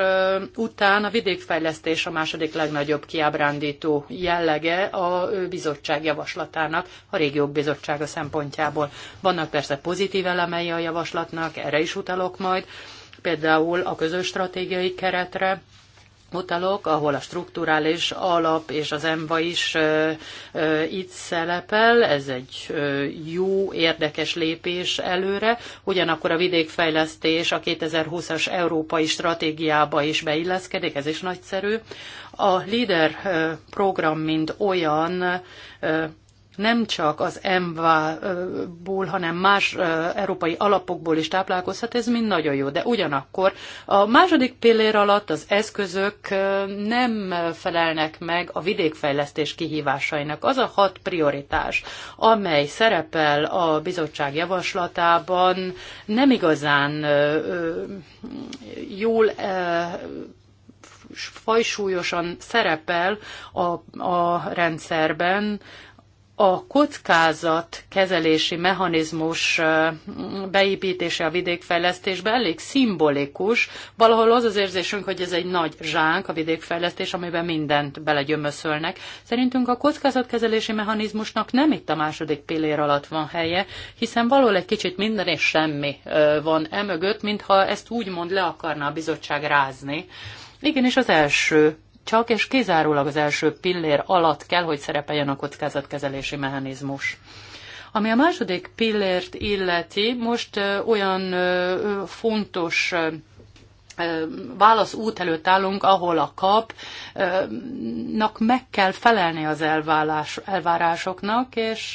után a vidékfejlesztés a második legnagyobb kiábrándító jellege a bizottság javaslatának, a régiók bizottsága szempontjából. Vannak persze pozitív elemei a javaslatnak, erre is utalok majd, például a közös stratégiai keretre, utalok, ahol a strukturális alap és az emba is ö, ö, itt szerepel. Ez egy ö, jó, érdekes lépés előre. Ugyanakkor a vidékfejlesztés a 2020-as európai stratégiába is beilleszkedik, ez is nagyszerű. A LEADER program, mint olyan, ö, nem csak az EMVA-ból, hanem más európai alapokból is táplálkozhat, ez mind nagyon jó. De ugyanakkor a második pillér alatt az eszközök nem felelnek meg a vidékfejlesztés kihívásainak. Az a hat prioritás, amely szerepel a bizottság javaslatában, nem igazán jól fajsúlyosan szerepel a, a rendszerben, a kockázat kezelési mechanizmus beépítése a vidékfejlesztésbe elég szimbolikus. Valahol az az érzésünk, hogy ez egy nagy zsánk a vidékfejlesztés, amiben mindent belegyömöszölnek. Szerintünk a kockázatkezelési mechanizmusnak nem itt a második pillér alatt van helye, hiszen valahol egy kicsit minden és semmi van emögött, mintha ezt úgymond le akarná a bizottság rázni. Igen, és az első csak és kizárólag az első pillér alatt kell, hogy szerepeljen a kockázatkezelési mechanizmus. Ami a második pillért illeti, most olyan fontos válasz út előtt állunk, ahol a kapnak meg kell felelni az elvállás, elvárásoknak, és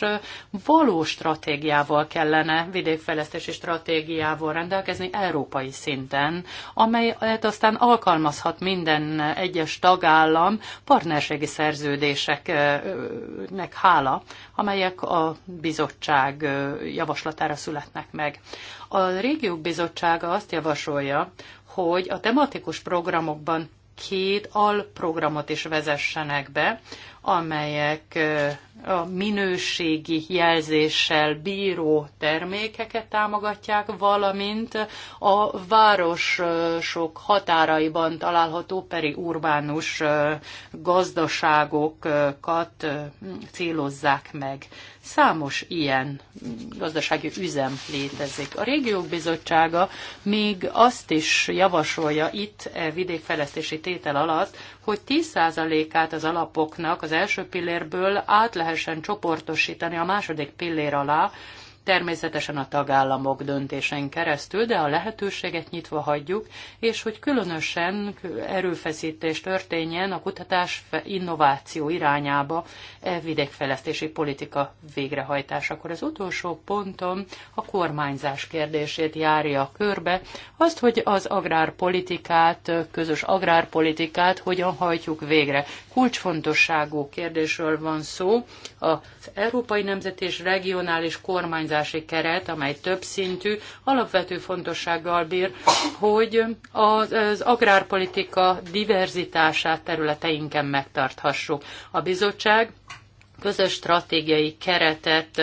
való stratégiával kellene, vidékfejlesztési stratégiával rendelkezni európai szinten, amelyet hát aztán alkalmazhat minden egyes tagállam partnerségi szerződéseknek hála, amelyek a bizottság javaslatára születnek meg. A régiók bizottsága azt javasolja, hogy a tematikus programokban két alprogramot is vezessenek be, amelyek a minőségi jelzéssel bíró termékeket támogatják, valamint a városok határaiban található periurbánus gazdaságokat célozzák meg. Számos ilyen gazdasági üzem létezik. A régiók bizottsága még azt is javasolja itt e vidékfejlesztési tétel alatt, hogy 10%-át az alapoknak az első pillérből át lehessen csoportosítani a második pillér alá, természetesen a tagállamok döntésen keresztül, de a lehetőséget nyitva hagyjuk, és hogy különösen erőfeszítés történjen a kutatás innováció irányába e vidékfejlesztési politika végrehajtásakor. Az utolsó pontom a kormányzás kérdését járja a körbe, azt, hogy az agrárpolitikát, közös agrárpolitikát hogyan hajtjuk végre. Kulcsfontosságú kérdésről van szó, az európai nemzet és regionális kormányzás szabályozási keret, amely többszintű, alapvető fontossággal bír, hogy az, az agrárpolitika diverzitását területeinken megtarthassuk. A bizottság közös stratégiai keretet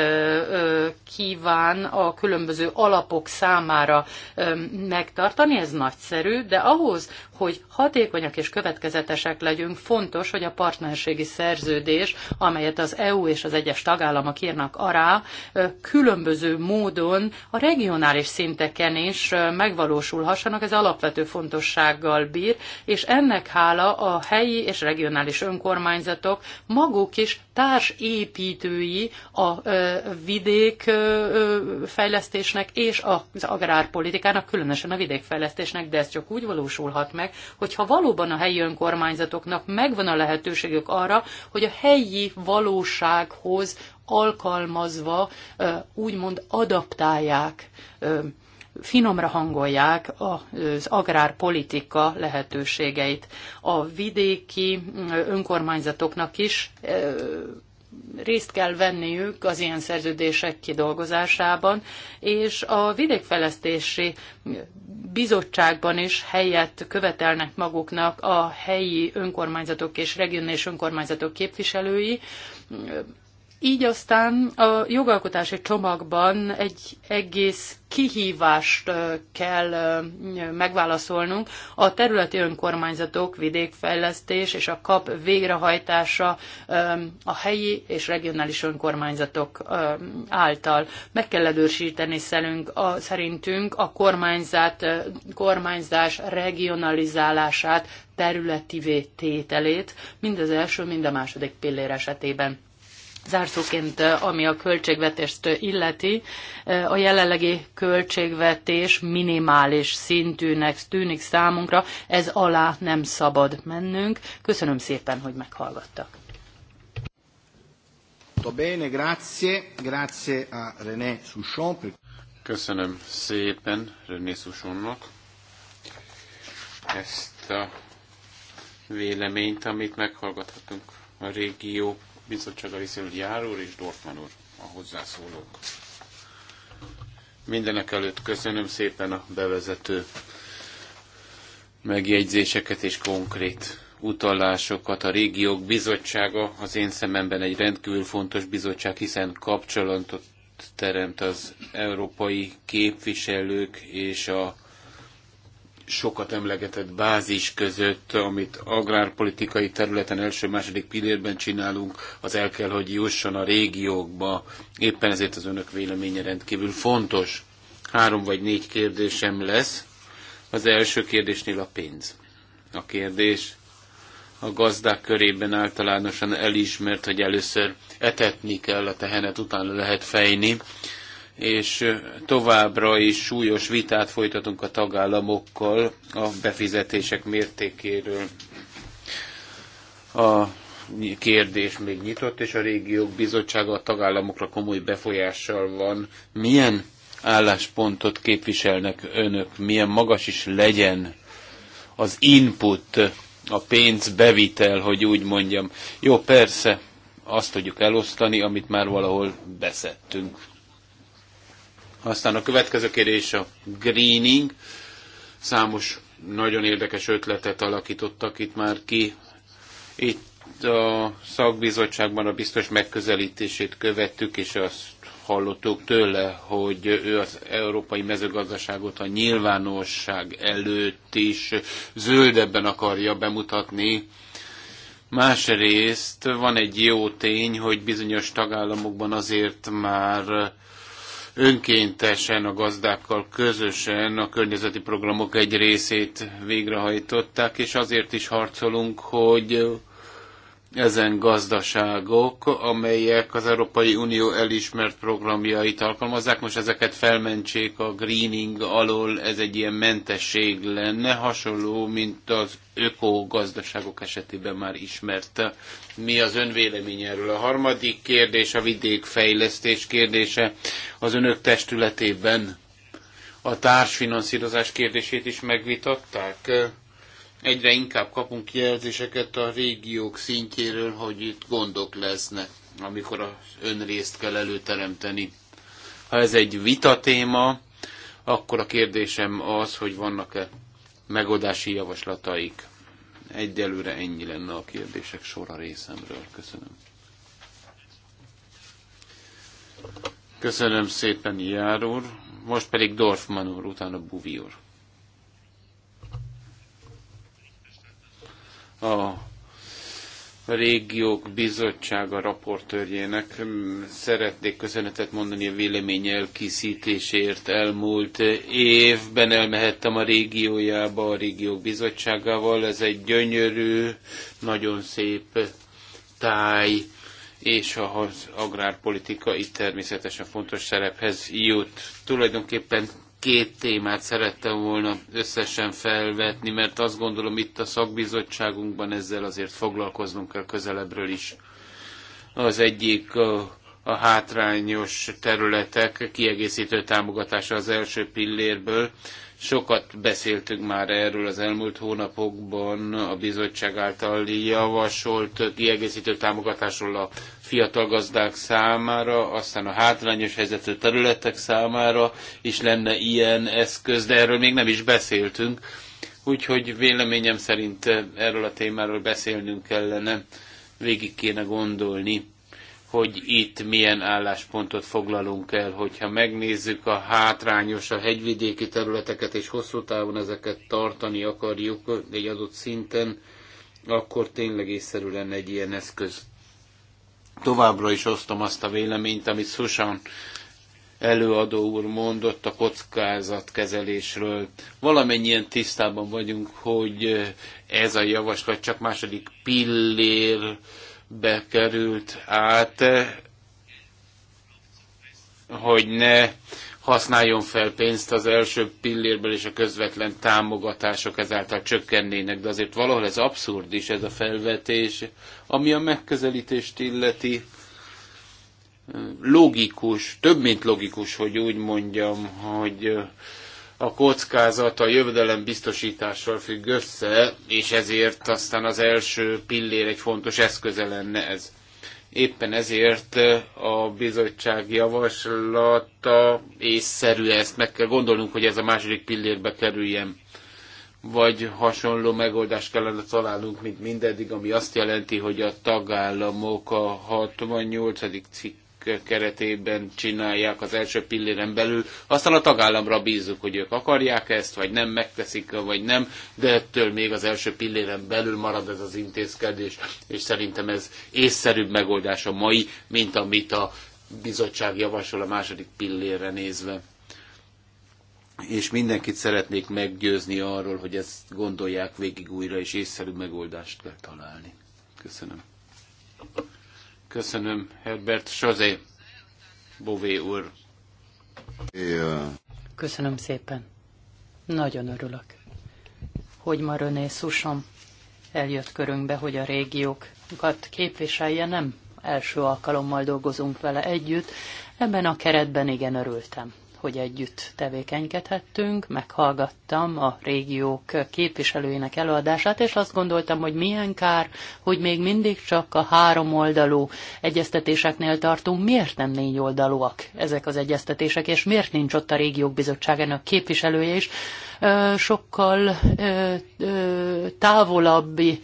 kíván a különböző alapok számára megtartani, ez nagyszerű, de ahhoz, hogy hatékonyak és következetesek legyünk, fontos, hogy a partnerségi szerződés, amelyet az EU és az egyes tagállamok írnak ará, különböző módon a regionális szinteken is megvalósulhassanak, ez alapvető fontossággal bír, és ennek hála a helyi és regionális önkormányzatok maguk is társ építői a vidék fejlesztésnek és az agrárpolitikának, különösen a vidékfejlesztésnek, de ez csak úgy valósulhat meg, hogyha valóban a helyi önkormányzatoknak megvan a lehetőségük arra, hogy a helyi valósághoz alkalmazva úgymond adaptálják finomra hangolják az agrárpolitika lehetőségeit. A vidéki önkormányzatoknak is részt kell venniük az ilyen szerződések kidolgozásában, és a vidékfejlesztési bizottságban is helyet követelnek maguknak a helyi önkormányzatok és regionális önkormányzatok képviselői, így aztán a jogalkotási csomagban egy egész kihívást kell megválaszolnunk. A területi önkormányzatok, vidékfejlesztés és a kap végrehajtása a helyi és regionális önkormányzatok által. Meg kell edősíteni szerintünk a kormányzat, kormányzás regionalizálását, területi tételét, mind az első, mind a második pillér esetében. Zárszóként, eh, ami a költségvetést eh, illeti, eh, a jelenlegi költségvetés minimális szintűnek tűnik számunkra, ez alá nem szabad mennünk. Köszönöm szépen, hogy meghallgattak. grazie. Grazie a René Köszönöm szépen René Sussonnak ezt a véleményt, amit meghallgathatunk a régió bizottsága részéről Jár úr és Dortmann úr a hozzászólók. Mindenek előtt köszönöm szépen a bevezető megjegyzéseket és konkrét utalásokat. A régiók bizottsága az én szememben egy rendkívül fontos bizottság, hiszen kapcsolatot teremt az európai képviselők és a sokat emlegetett bázis között, amit agrárpolitikai területen első-második pillérben csinálunk, az el kell, hogy jusson a régiókba. Éppen ezért az önök véleménye rendkívül fontos. Három vagy négy kérdésem lesz. Az első kérdésnél a pénz. A kérdés a gazdák körében általánosan elismert, hogy először etetni kell a tehenet, utána lehet fejni és továbbra is súlyos vitát folytatunk a tagállamokkal a befizetések mértékéről. A kérdés még nyitott, és a régiók bizottsága a tagállamokra komoly befolyással van. Milyen álláspontot képviselnek önök, milyen magas is legyen az input, a pénz bevitel, hogy úgy mondjam. Jó, persze, azt tudjuk elosztani, amit már valahol beszettünk. Aztán a következő kérdés a greening. Számos nagyon érdekes ötletet alakítottak itt már ki. Itt a szakbizottságban a biztos megközelítését követtük, és azt hallottuk tőle, hogy ő az európai mezőgazdaságot a nyilvánosság előtt is zöldebben akarja bemutatni. Másrészt van egy jó tény, hogy bizonyos tagállamokban azért már önkéntesen a gazdákkal közösen a környezeti programok egy részét végrehajtották, és azért is harcolunk, hogy ezen gazdaságok, amelyek az Európai Unió elismert programjait alkalmazzák. Most ezeket felmentsék a greening alól, ez egy ilyen mentesség lenne, hasonló, mint az ökogazdaságok esetében már ismert. Mi az ön vélemény erről? A harmadik kérdés a vidékfejlesztés kérdése az önök testületében. A társfinanszírozás kérdését is megvitatták? egyre inkább kapunk jelzéseket a régiók szintjéről, hogy itt gondok lesznek, amikor az önrészt kell előteremteni. Ha ez egy vita téma, akkor a kérdésem az, hogy vannak-e megoldási javaslataik. Egyelőre ennyi lenne a kérdések sora részemről. Köszönöm. Köszönöm szépen, Jár úr. Most pedig Dorfman úr, utána Buvi úr. a régiók bizottsága raportőrjének szeretnék köszönetet mondani a vélemény elkészítésért. Elmúlt évben elmehettem a régiójába a régiók bizottságával. Ez egy gyönyörű, nagyon szép táj, és az agrárpolitika itt természetesen fontos szerephez jut. Tulajdonképpen két témát szerettem volna összesen felvetni, mert azt gondolom itt a szakbizottságunkban ezzel azért foglalkoznunk kell közelebbről is. Az egyik a, a hátrányos területek kiegészítő támogatása az első pillérből, Sokat beszéltünk már erről az elmúlt hónapokban a bizottság által javasolt kiegészítő támogatásról a fiatal gazdák számára, aztán a hátrányos helyzetű területek számára is lenne ilyen eszköz, de erről még nem is beszéltünk. Úgyhogy véleményem szerint erről a témáról beszélnünk kellene, végig kéne gondolni hogy itt milyen álláspontot foglalunk el, hogyha megnézzük a hátrányos, a hegyvidéki területeket, és hosszú távon ezeket tartani akarjuk egy adott szinten, akkor tényleg észszerű lenne egy ilyen eszköz. Továbbra is osztom azt a véleményt, amit Susan előadó úr mondott a kockázatkezelésről. Valamennyien tisztában vagyunk, hogy ez a javaslat csak második pillér, bekerült át, hogy ne használjon fel pénzt az első pillérből, és a közvetlen támogatások ezáltal csökkennének, de azért valahol ez abszurd is ez a felvetés, ami a megközelítést illeti logikus, több mint logikus, hogy úgy mondjam, hogy a kockázat a jövedelem biztosítással függ össze, és ezért aztán az első pillér egy fontos eszköze lenne ez. Éppen ezért eh, a bizottság javaslata észszerű ezt meg kell gondolnunk, hogy ez a második pillérbe kerüljen. Vagy hasonló megoldást kellene találnunk, mint mindeddig, ami azt jelenti, hogy a tagállamok a 68. cikk keretében csinálják az első pilléren belül, aztán a tagállamra bízunk, hogy ők akarják ezt, vagy nem megteszik, vagy nem, de ettől még az első pilléren belül marad ez az intézkedés, és szerintem ez észszerűbb megoldás a mai, mint amit a bizottság javasol a második pillérre nézve. És mindenkit szeretnék meggyőzni arról, hogy ezt gondolják végig újra, és észszerű megoldást kell találni. Köszönöm. Köszönöm, Herbert Sozé, Bové úr. Köszönöm szépen. Nagyon örülök, hogy ma René Susom eljött körünkbe, hogy a régiókat képviselje, nem első alkalommal dolgozunk vele együtt. Ebben a keretben igen örültem hogy együtt tevékenykedhettünk. Meghallgattam a régiók képviselőinek előadását, és azt gondoltam, hogy milyen kár, hogy még mindig csak a három oldalú egyeztetéseknél tartunk. Miért nem négy oldalúak ezek az egyeztetések, és miért nincs ott a régiók bizottságának képviselője is? sokkal távolabbi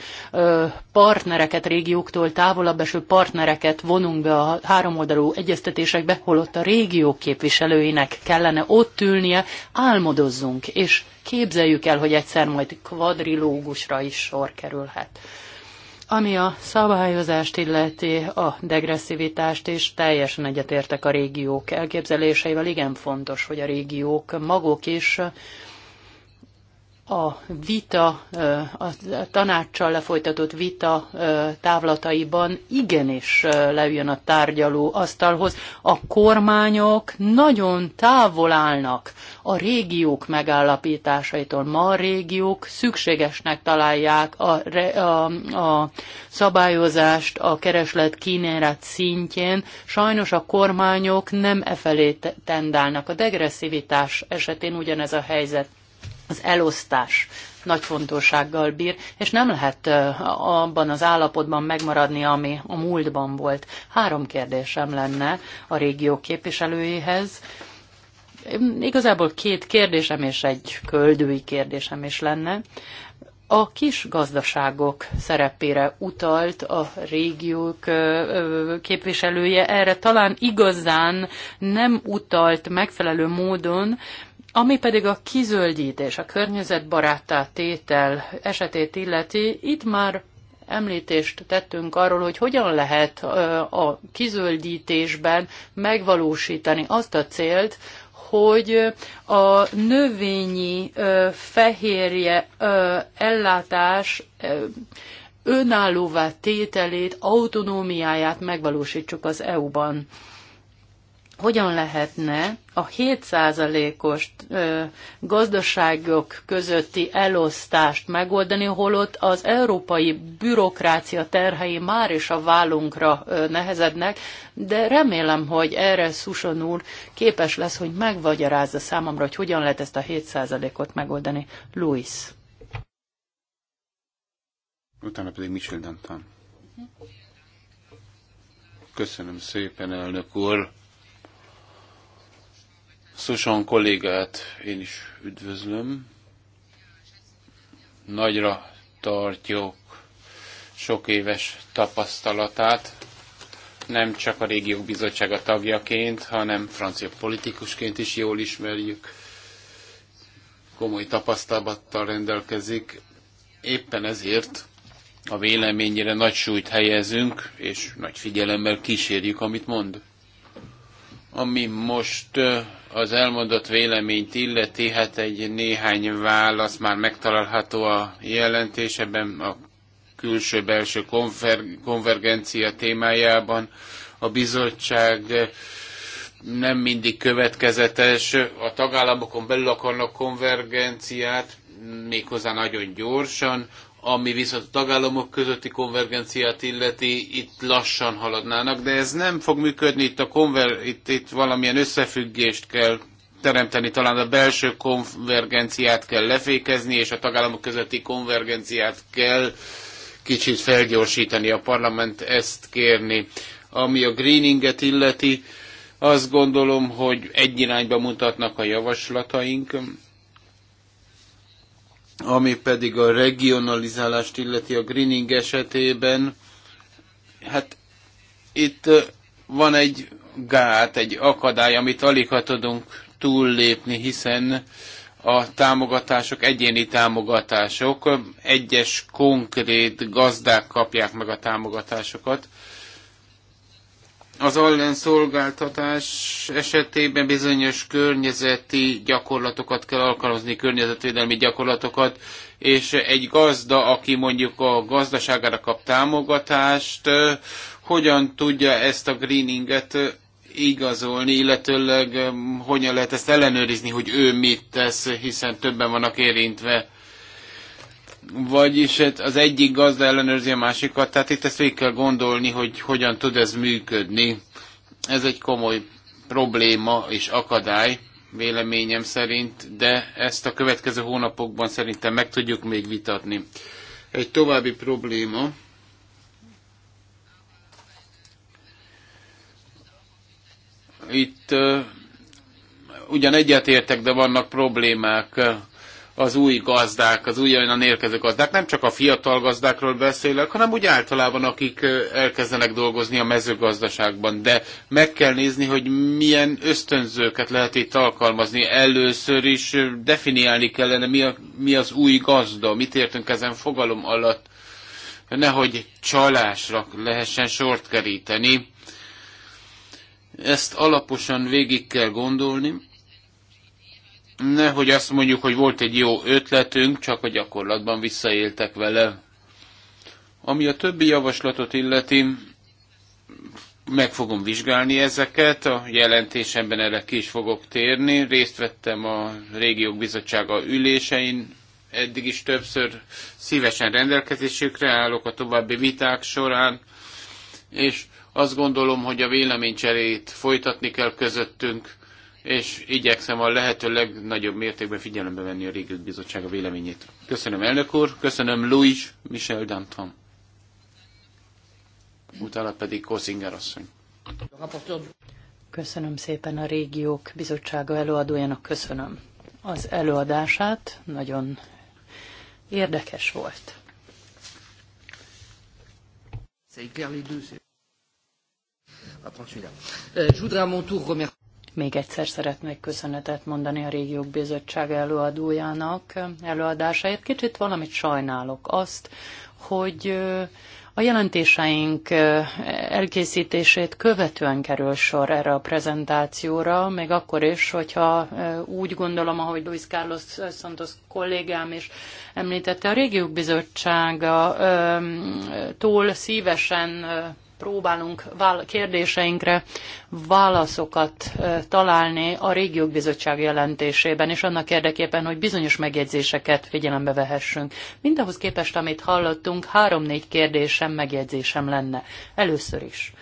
partnereket, régióktól távolabb eső partnereket vonunk be a háromoldalú egyeztetésekbe, holott a régiók képviselőinek kellene ott ülnie, álmodozzunk, és képzeljük el, hogy egyszer majd kvadrilógusra is sor kerülhet. Ami a szabályozást illeti, a degresszivitást is teljesen egyetértek a régiók elképzeléseivel. Igen fontos, hogy a régiók maguk is a vita, a tanácssal lefolytatott vita távlataiban igenis leüljön a tárgyaló asztalhoz. A kormányok nagyon távol állnak a régiók megállapításaitól. Ma a régiók szükségesnek találják a, a, a szabályozást a kereslet kínálat szintjén. Sajnos a kormányok nem e felé tendálnak. A degresszivitás esetén ugyanez a helyzet az elosztás nagy fontossággal bír, és nem lehet abban az állapotban megmaradni, ami a múltban volt. Három kérdésem lenne a régió képviselőihez. Igazából két kérdésem és egy köldői kérdésem is lenne. A kis gazdaságok szerepére utalt a régiók képviselője, erre talán igazán nem utalt megfelelő módon, ami pedig a kizöldítés, a környezetbaráttá tétel esetét illeti, itt már említést tettünk arról, hogy hogyan lehet a kizöldítésben megvalósítani azt a célt, hogy a növényi fehérje ellátás önállóvá tételét, autonómiáját megvalósítsuk az EU-ban. Hogyan lehetne a 7%-os gazdaságok közötti elosztást megoldani, holott az európai bürokrácia terhei már is a vállunkra nehezednek, de remélem, hogy erre Susan úr képes lesz, hogy megvagyarázza számomra, hogy hogyan lehet ezt a 7%-ot megoldani. Luis. Utána pedig Michel Dantan. Köszönöm szépen, elnök úr Susan kollégát én is üdvözlöm. Nagyra tartjuk sok éves tapasztalatát, nem csak a régiók bizottsága tagjaként, hanem francia politikusként is jól ismerjük. Komoly tapasztalattal rendelkezik. Éppen ezért a véleményére nagy súlyt helyezünk, és nagy figyelemmel kísérjük, amit mond. Ami most az elmondott véleményt illeti, hát egy néhány válasz már megtalálható a jelentéseben, a külső-belső konver- konvergencia témájában. A bizottság nem mindig következetes, a tagállamokon belül akarnak konvergenciát, méghozzá nagyon gyorsan, ami viszont a tagállamok közötti konvergenciát illeti, itt lassan haladnának, de ez nem fog működni, itt, a konver, itt, itt valamilyen összefüggést kell teremteni, talán a belső konvergenciát kell lefékezni, és a tagállamok közötti konvergenciát kell kicsit felgyorsítani, a parlament ezt kérni. Ami a greeninget illeti, azt gondolom, hogy egy irányba mutatnak a javaslataink, ami pedig a regionalizálást illeti a greening esetében, hát itt van egy gát, egy akadály, amit alig ha tudunk túllépni, hiszen a támogatások, egyéni támogatások, egyes konkrét gazdák kapják meg a támogatásokat, az ellenszolgáltatás esetében bizonyos környezeti gyakorlatokat kell alkalmazni, környezetvédelmi gyakorlatokat, és egy gazda, aki mondjuk a gazdaságára kap támogatást, hogyan tudja ezt a greeninget igazolni, illetőleg hogyan lehet ezt ellenőrizni, hogy ő mit tesz, hiszen többen vannak érintve. Vagyis hát az egyik gazda ellenőrzi a másikat, tehát itt ezt végig kell gondolni, hogy hogyan tud ez működni. Ez egy komoly probléma és akadály véleményem szerint, de ezt a következő hónapokban szerintem meg tudjuk még vitatni. Egy további probléma, itt uh, ugyan egyetértek, de vannak problémák az új gazdák, az újonnan érkező gazdák, nem csak a fiatal gazdákról beszélek, hanem úgy általában, akik elkezdenek dolgozni a mezőgazdaságban, de meg kell nézni, hogy milyen ösztönzőket lehet itt alkalmazni. Először is definiálni kellene, mi, a, mi az új gazda, mit értünk ezen fogalom alatt, nehogy csalásra lehessen sort keríteni. Ezt alaposan végig kell gondolni, nehogy azt mondjuk, hogy volt egy jó ötletünk, csak a gyakorlatban visszaéltek vele. Ami a többi javaslatot illeti, meg fogom vizsgálni ezeket, a jelentésemben erre ki is fogok térni. Részt vettem a régiók bizottsága ülésein, eddig is többször szívesen rendelkezésükre állok a további viták során, és azt gondolom, hogy a véleménycserét folytatni kell közöttünk, és igyekszem a lehető legnagyobb mértékben figyelembe venni a régi bizottság a véleményét. Köszönöm elnök úr, köszönöm Louis Michel Danton. Utána pedig Koszinger asszony. Köszönöm szépen a régiók bizottsága előadójának, köszönöm az előadását, nagyon érdekes volt. Euh, je voudrais à mon tour remercier. Még egyszer szeretnék köszönetet mondani a Régiók Bizottság előadójának előadásáért. Kicsit valamit sajnálok azt, hogy a jelentéseink elkészítését követően kerül sor erre a prezentációra, még akkor is, hogyha úgy gondolom, ahogy Luis Carlos Santos kollégám is említette, a Régiók Bizottsága túl szívesen próbálunk kérdéseinkre válaszokat találni a régiók bizottság jelentésében, és annak érdekében, hogy bizonyos megjegyzéseket figyelembe vehessünk. Mindahhoz képest, amit hallottunk, három-négy kérdésem, megjegyzésem lenne. Először is.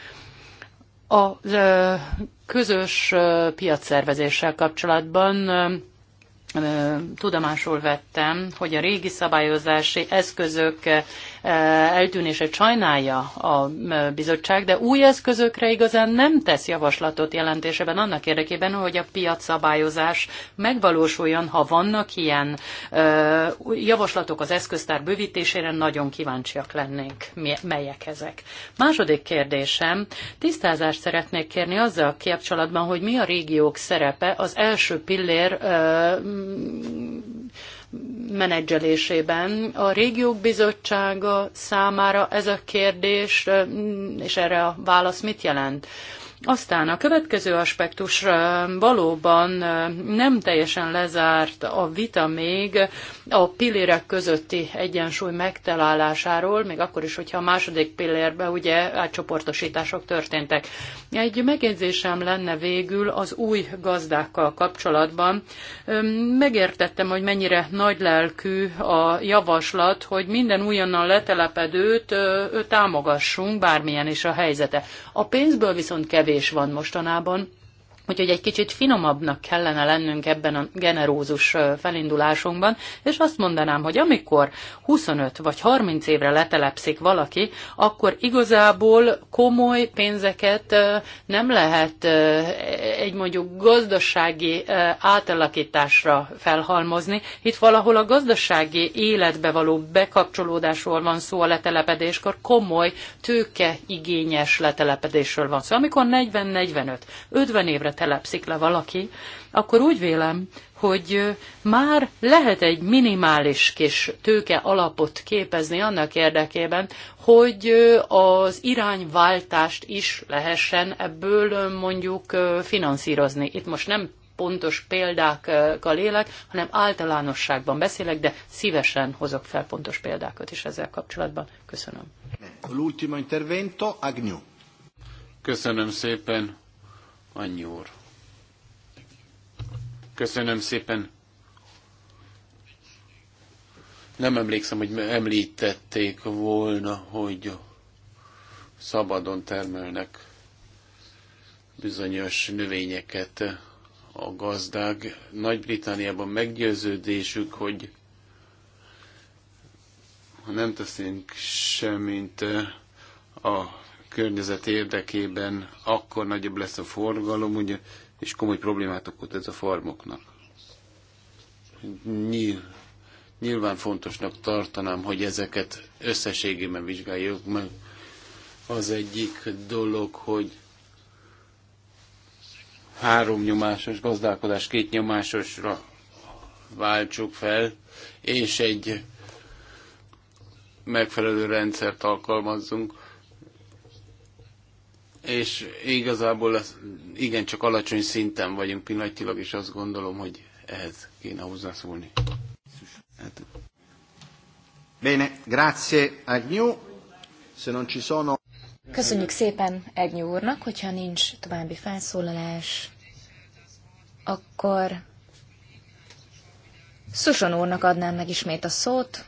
A közös piacszervezéssel kapcsolatban tudomásul vettem, hogy a régi szabályozási eszközök eltűnését sajnálja a bizottság, de új eszközökre igazán nem tesz javaslatot jelentésében annak érdekében, hogy a piacszabályozás megvalósuljon, ha vannak ilyen javaslatok az eszköztár bővítésére, nagyon kíváncsiak lennénk, melyek ezek. Második kérdésem, tisztázást szeretnék kérni azzal kapcsolatban, hogy mi a régiók szerepe az első pillér menedzselésében. A régiók bizottsága számára ez a kérdés, és erre a válasz mit jelent? Aztán a következő aspektus valóban nem teljesen lezárt a vita még a pillérek közötti egyensúly megtalálásáról, még akkor is, hogyha a második pillérbe ugye átcsoportosítások történtek. Egy megjegyzésem lenne végül az új gazdákkal kapcsolatban. Megértettem, hogy mennyire lelkű a javaslat, hogy minden újonnan letelepedőt támogassunk, bármilyen is a helyzete. A pénzből viszont kevés kevés van mostanában, Úgyhogy egy kicsit finomabbnak kellene lennünk ebben a generózus felindulásunkban, és azt mondanám, hogy amikor 25 vagy 30 évre letelepszik valaki, akkor igazából komoly pénzeket nem lehet egy mondjuk gazdasági átalakításra felhalmozni. Itt valahol a gazdasági életbe való bekapcsolódásról van szó a letelepedéskor, komoly tőkeigényes letelepedésről van szó. Amikor 40-45, 50 évre telepszik le valaki, akkor úgy vélem, hogy már lehet egy minimális kis tőke alapot képezni annak érdekében, hogy az irányváltást is lehessen ebből mondjuk finanszírozni. Itt most nem pontos példákkal élek, hanem általánosságban beszélek, de szívesen hozok fel pontos példákat is ezzel kapcsolatban. Köszönöm. L'ultimo intervento, Agnew. Köszönöm szépen. Annyi úr. Köszönöm szépen. Nem emlékszem, hogy említették volna, hogy szabadon termelnek bizonyos növényeket a gazdák. Nagy-Britániában meggyőződésük, hogy ha nem teszünk semmit a környezet érdekében, akkor nagyobb lesz a forgalom, ugye, és komoly problémát okoz ez a farmoknak. Nyilván nyilván fontosnak tartanám, hogy ezeket összességében vizsgáljuk meg. Az egyik dolog, hogy három nyomásos gazdálkodás két nyomásosra váltsuk fel, és egy megfelelő rendszert alkalmazzunk és igazából igen, csak alacsony szinten vagyunk pillanatilag, és azt gondolom, hogy ehhez kéne hozzászólni. Hát. Bene, grazie Agnew. Se non ci sono... Köszönjük szépen Egnyú úrnak, hogyha nincs további felszólalás, akkor Szuson úrnak adnám meg ismét a szót,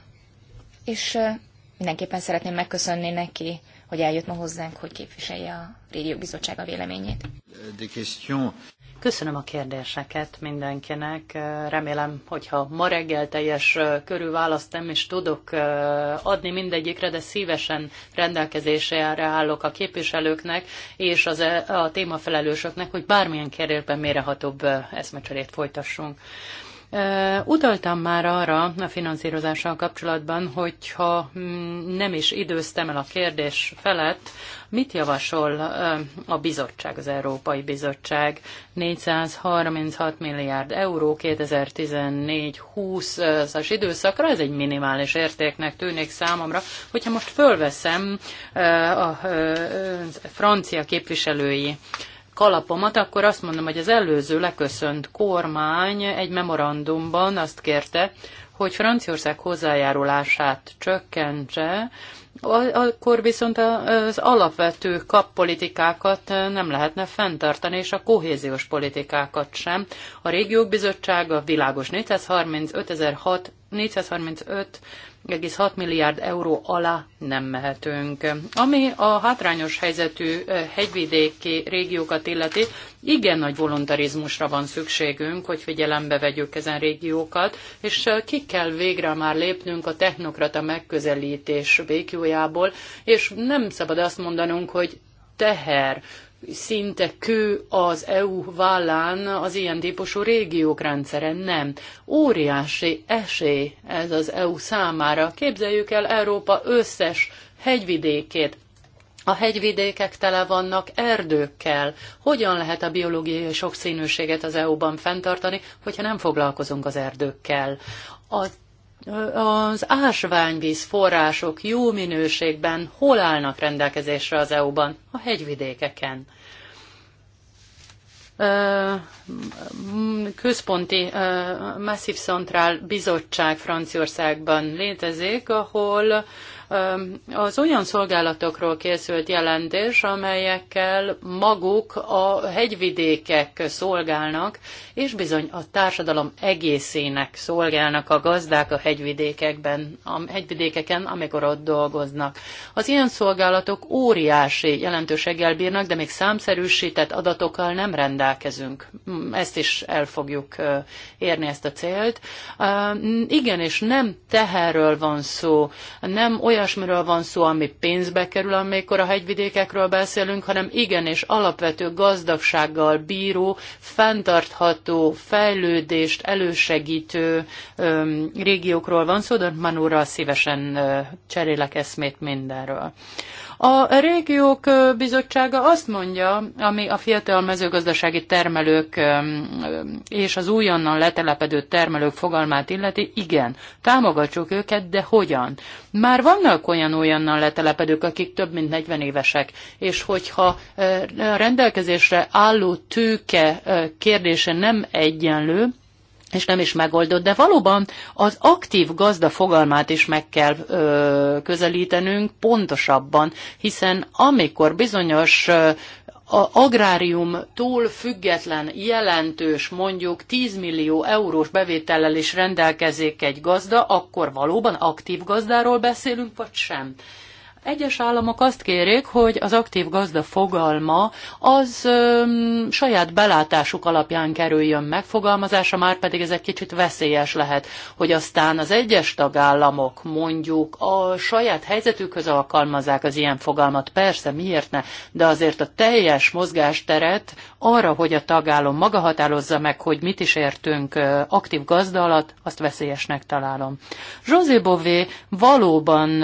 és eh, mindenképpen szeretném megköszönni neki hogy eljött ma hozzánk, hogy képviselje a Régió Bizottság a véleményét. Köszönöm a kérdéseket mindenkinek. Remélem, hogyha ma reggel teljes körül választ nem is tudok adni mindegyikre, de szívesen rendelkezésre állok a képviselőknek és az, e, a témafelelősöknek, hogy bármilyen kérdésben mérehatóbb eszmecserét folytassunk. Utaltam már arra a finanszírozással kapcsolatban, hogyha mm, nem is időztem el a kérdés felett, mit javasol a bizottság, az Európai Bizottság? 436 milliárd euró 2014-20-as időszakra, ez egy minimális értéknek tűnik számomra, hogyha most fölveszem a francia képviselői kalapomat, akkor azt mondom, hogy az előző leköszönt kormány egy memorandumban azt kérte, hogy Franciaország hozzájárulását csökkentse, akkor viszont az alapvető kappolitikákat nem lehetne fenntartani, és a kohéziós politikákat sem. A régiók bizottsága világos 435.006 435,6 milliárd euró alá nem mehetünk. Ami a hátrányos helyzetű hegyvidéki régiókat illeti, igen nagy voluntarizmusra van szükségünk, hogy figyelembe vegyük ezen régiókat, és ki kell végre már lépnünk a technokrata megközelítés békjójából, és nem szabad azt mondanunk, hogy teher, szinte kő az EU vállán az ilyen típusú régiók rendszere. Nem. Óriási esély ez az EU számára. Képzeljük el Európa összes hegyvidékét, a hegyvidékek tele vannak erdőkkel. Hogyan lehet a biológiai sokszínűséget az EU-ban fenntartani, hogyha nem foglalkozunk az erdőkkel? A az ásványvíz források jó minőségben hol állnak rendelkezésre az EU-ban? A hegyvidékeken központi Massive Central bizottság Franciaországban létezik, ahol az olyan szolgálatokról készült jelentés, amelyekkel maguk a hegyvidékek szolgálnak, és bizony a társadalom egészének szolgálnak a gazdák a hegyvidékekben, a hegyvidékeken, amikor ott dolgoznak. Az ilyen szolgálatok óriási jelentőséggel bírnak, de még számszerűsített adatokkal nem rendelkezünk. Ezt is el fogjuk érni, ezt a célt. Igen, és nem teherről van szó, nem olyan olyasmiről van szó, ami pénzbe kerül, amikor a hegyvidékekről beszélünk, hanem igenis alapvető gazdagsággal bíró, fenntartható, fejlődést elősegítő öm, régiókról van szó, de Manúra szívesen ö, cserélek eszmét mindenről. A régiók bizottsága azt mondja, ami a fiatal mezőgazdasági termelők és az újonnan letelepedő termelők fogalmát illeti, igen, támogatjuk őket, de hogyan? Már vannak olyan újonnan letelepedők, akik több mint 40 évesek, és hogyha rendelkezésre álló tőke kérdése nem egyenlő, és nem is megoldott, de valóban az aktív gazda fogalmát is meg kell ö, közelítenünk pontosabban, hiszen amikor bizonyos ö, a agrárium túl független, jelentős, mondjuk 10 millió eurós bevétellel is rendelkezik egy gazda, akkor valóban aktív gazdáról beszélünk, vagy sem? Egyes államok azt kérik, hogy az aktív gazda fogalma az öm, saját belátásuk alapján kerüljön megfogalmazása, már pedig ez egy kicsit veszélyes lehet, hogy aztán az egyes tagállamok mondjuk a saját helyzetükhöz alkalmazzák az ilyen fogalmat. Persze, miért ne, de azért a teljes mozgásteret arra, hogy a tagállam maga határozza meg, hogy mit is értünk aktív gazda alatt, azt veszélyesnek találom. José Bové valóban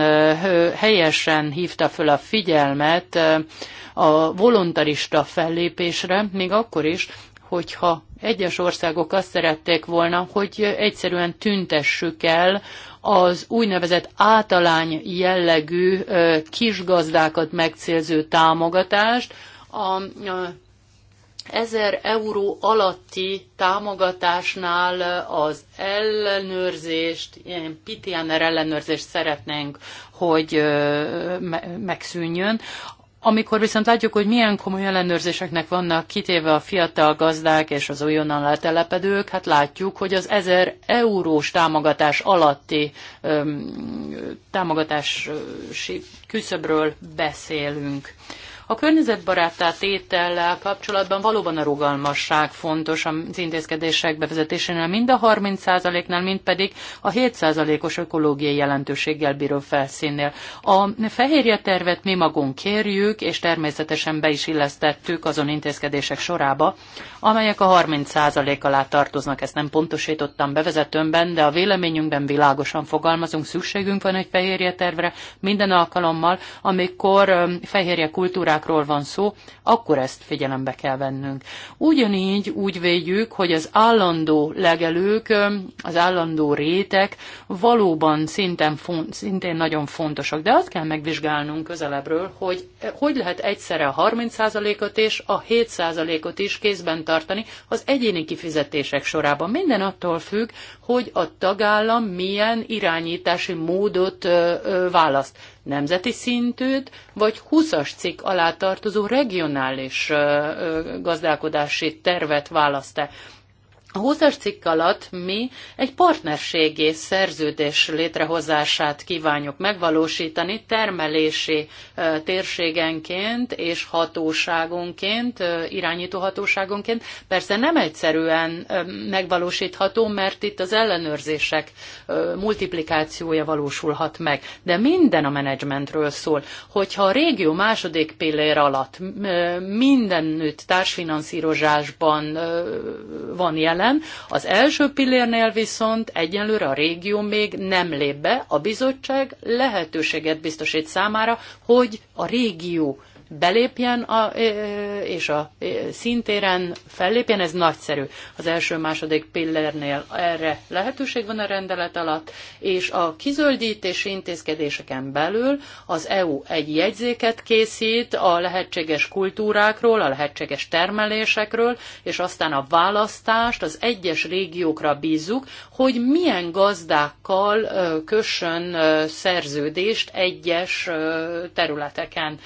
helyesen többen hívta föl a figyelmet eh, a voluntarista fellépésre, még akkor is, hogyha egyes országok azt szerették volna, hogy egyszerűen tüntessük el az úgynevezett általány jellegű eh, kisgazdákat megcélző támogatást, a 1000 euró alatti támogatásnál az ellenőrzést, ilyen pitiáner ellenőrzést szeretnénk, hogy megszűnjön. Amikor viszont látjuk, hogy milyen komoly ellenőrzéseknek vannak kitéve a fiatal gazdák és az újonnan letelepedők, hát látjuk, hogy az 1000 eurós támogatás alatti öm, támogatási küszöbről beszélünk. Öm, a környezetbaráttá tétellel kapcsolatban valóban a rugalmasság fontos az intézkedések bevezetésénél, mind a 30%-nál, mind pedig a 7%-os ökológiai jelentőséggel bíró felszínnél. A fehérje tervet mi magunk kérjük, és természetesen be is illesztettük azon intézkedések sorába, amelyek a 30% alá tartoznak. Ezt nem pontosítottam bevezetőmben, de a véleményünkben világosan fogalmazunk, szükségünk van egy fehérje tervre minden alkalommal, amikor fehérje kultúrá struktúrákról van szó, akkor ezt figyelembe kell vennünk. Ugyanígy úgy védjük, hogy az állandó legelők, az állandó rétek valóban szinten, szintén nagyon fontosak, de azt kell megvizsgálnunk közelebbről, hogy eh, hogy lehet egyszerre a 30%-ot és a 7%-ot is kézben tartani az egyéni kifizetések sorában. Minden attól függ, hogy a tagállam milyen irányítási módot választ nemzeti szintűt, vagy 20-as cikk alá tartozó regionális gazdálkodási tervet választ-e. A 20-as cikk alatt mi egy partnerségi szerződés létrehozását kívánjuk megvalósítani termelési térségenként és hatóságonként, irányító hatóságonként. Persze nem egyszerűen megvalósítható, mert itt az ellenőrzések multiplikációja valósulhat meg. De minden a menedzsmentről szól. Hogyha a régió második pillér alatt mindenütt társfinanszírozásban van jelen, ellen. Az első pillérnél viszont egyenlőre a régió még nem lép be, a bizottság lehetőséget biztosít számára, hogy a régió belépjen a, és a szintéren fellépjen, ez nagyszerű. Az első-második pillérnél erre lehetőség van a rendelet alatt, és a kizöldítési intézkedéseken belül az EU egy jegyzéket készít a lehetséges kultúrákról, a lehetséges termelésekről, és aztán a választást az egyes régiókra bízzuk, hogy milyen gazdákkal kössön szerződést egyes területeken.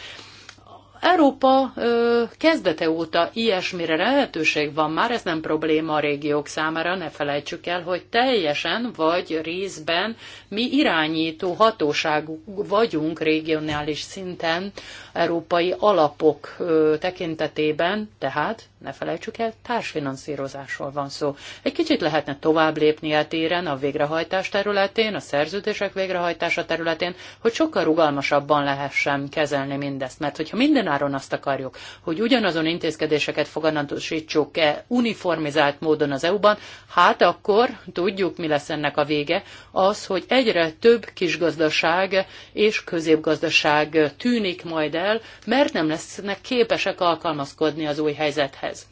Európa ö, kezdete óta ilyesmire lehetőség van már, ez nem probléma a régiók számára, ne felejtsük el, hogy teljesen vagy részben mi irányító hatóságú vagyunk regionális szinten európai alapok tekintetében, tehát ne felejtsük el, társfinanszírozásról van szó. Egy kicsit lehetne tovább lépni a téren, a végrehajtás területén, a szerződések végrehajtása területén, hogy sokkal rugalmasabban lehessen kezelni mindezt. Mert hogyha mindenáron azt akarjuk, hogy ugyanazon intézkedéseket fogadatosítsuk e uniformizált módon az EU-ban, hát akkor tudjuk, mi lesz ennek a vége, az, hogy egyre több kisgazdaság és középgazdaság tűnik majd el, el, mert nem lesznek képesek alkalmazkodni az új helyzethez.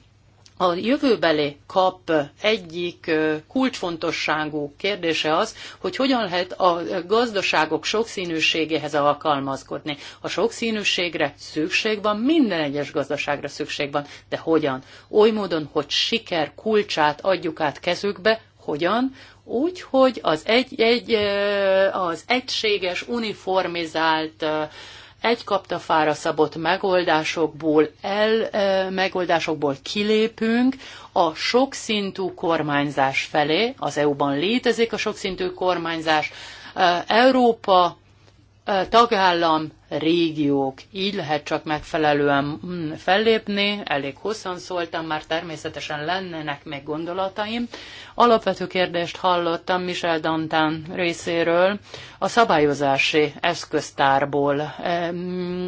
A jövőbeli kap egyik kulcsfontosságú kérdése az, hogy hogyan lehet a gazdaságok sokszínűségéhez alkalmazkodni. A sokszínűségre szükség van, minden egyes gazdaságra szükség van, de hogyan? Oly módon, hogy siker kulcsát adjuk át kezükbe, hogyan? Úgy, hogy az, egy, egy, az egységes, uniformizált egy kaptafára szabott megoldásokból, el, megoldásokból kilépünk a sokszintű kormányzás felé. Az EU-ban létezik a sokszintű kormányzás. Európa tagállam régiók. Így lehet csak megfelelően fellépni, elég hosszan szóltam, már természetesen lennének még gondolataim. Alapvető kérdést hallottam Michel Dantán részéről, a szabályozási eszköztárból.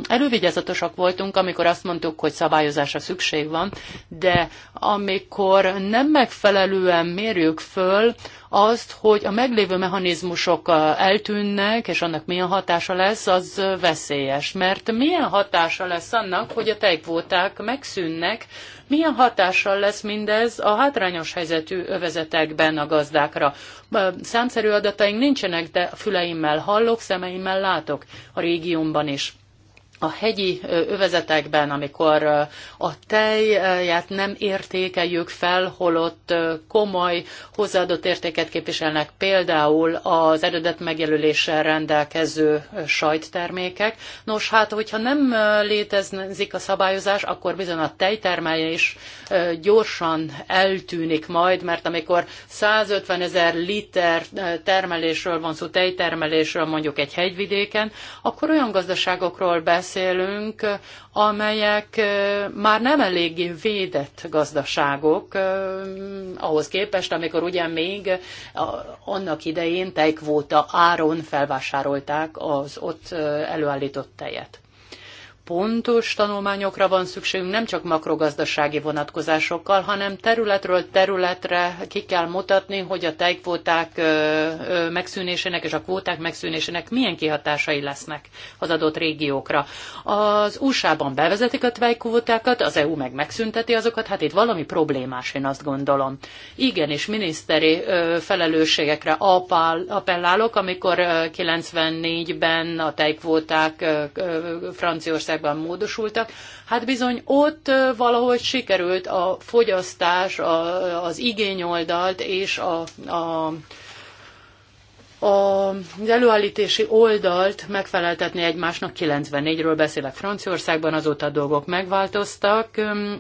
Elővigyázatosak voltunk, amikor azt mondtuk, hogy szabályozásra szükség van, de amikor nem megfelelően mérjük föl azt, hogy a meglévő mechanizmusok eltűnnek, és annak milyen hatása lesz, az vesz veszélyes, mert milyen hatása lesz annak, hogy a tejkvóták megszűnnek, milyen hatással lesz mindez a hátrányos helyzetű övezetekben a gazdákra. Számszerű adataink nincsenek, de füleimmel hallok, szemeimmel látok a régiómban is a hegyi övezetekben, amikor a tejját nem értékeljük fel, holott komoly hozzáadott értéket képviselnek például az eredet megjelöléssel rendelkező sajttermékek. Nos, hát, hogyha nem létezik a szabályozás, akkor bizony a tejtermelés gyorsan eltűnik majd, mert amikor 150 ezer liter termelésről van szó, tejtermelésről mondjuk egy hegyvidéken, akkor olyan gazdaságokról beszélünk, beszélünk, amelyek már nem eléggé védett gazdaságok ahhoz képest, amikor ugye még annak idején tejkvóta áron felvásárolták az ott előállított tejet pontos tanulmányokra van szükségünk, nem csak makrogazdasági vonatkozásokkal, hanem területről területre ki kell mutatni, hogy a tejkvóták megszűnésének és a kvóták megszűnésének milyen kihatásai lesznek az adott régiókra. Az USA-ban bevezetik a tejkvótákat, az EU meg megszünteti azokat, hát itt valami problémás, én azt gondolom. Igen, és miniszteri felelősségekre appellálok, amikor 94-ben a tejkvóták Franciaország bizottságban módosultak, hát bizony ott valahogy sikerült a fogyasztás, a, az igényoldalt és a, a a előállítési oldalt megfeleltetni egymásnak 94-ről beszélek Franciaországban, azóta a dolgok megváltoztak.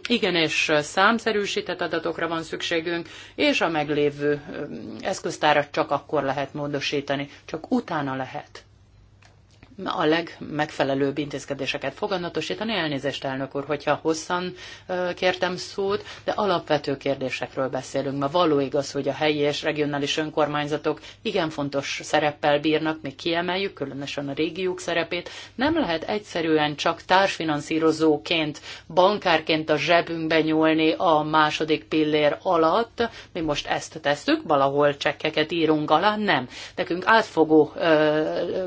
Igen és számszerűsített adatokra van szükségünk, és a meglévő eszköztárat csak akkor lehet módosítani, csak utána lehet a legmegfelelőbb intézkedéseket foganatosítani. Elnézést, elnök úr, hogyha hosszan kértem szót, de alapvető kérdésekről beszélünk. Ma való igaz, hogy a helyi és regionális önkormányzatok igen fontos szereppel bírnak, még kiemeljük, különösen a régiók szerepét. Nem lehet egyszerűen csak társfinanszírozóként, bankárként a zsebünkbe nyúlni a második pillér alatt. Mi most ezt tesszük, valahol csekkeket írunk alá, nem. Nekünk átfogó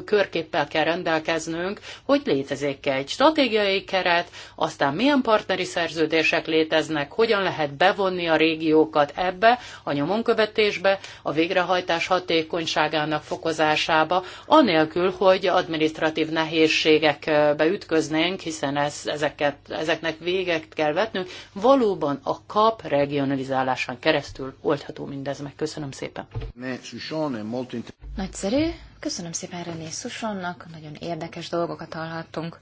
körképpel kell rendelkeznünk, hogy létezik egy stratégiai keret, aztán milyen partneri szerződések léteznek, hogyan lehet bevonni a régiókat ebbe, a nyomonkövetésbe, a végrehajtás hatékonyságának fokozásába, anélkül, hogy administratív nehézségekbe ütköznénk, hiszen ez, ezeket, ezeknek véget kell vetnünk, valóban a kap regionalizálásán keresztül oldható mindez meg. Köszönöm szépen. Nagyszerű, Köszönöm szépen René Szusonnak, nagyon érdekes dolgokat hallhattunk.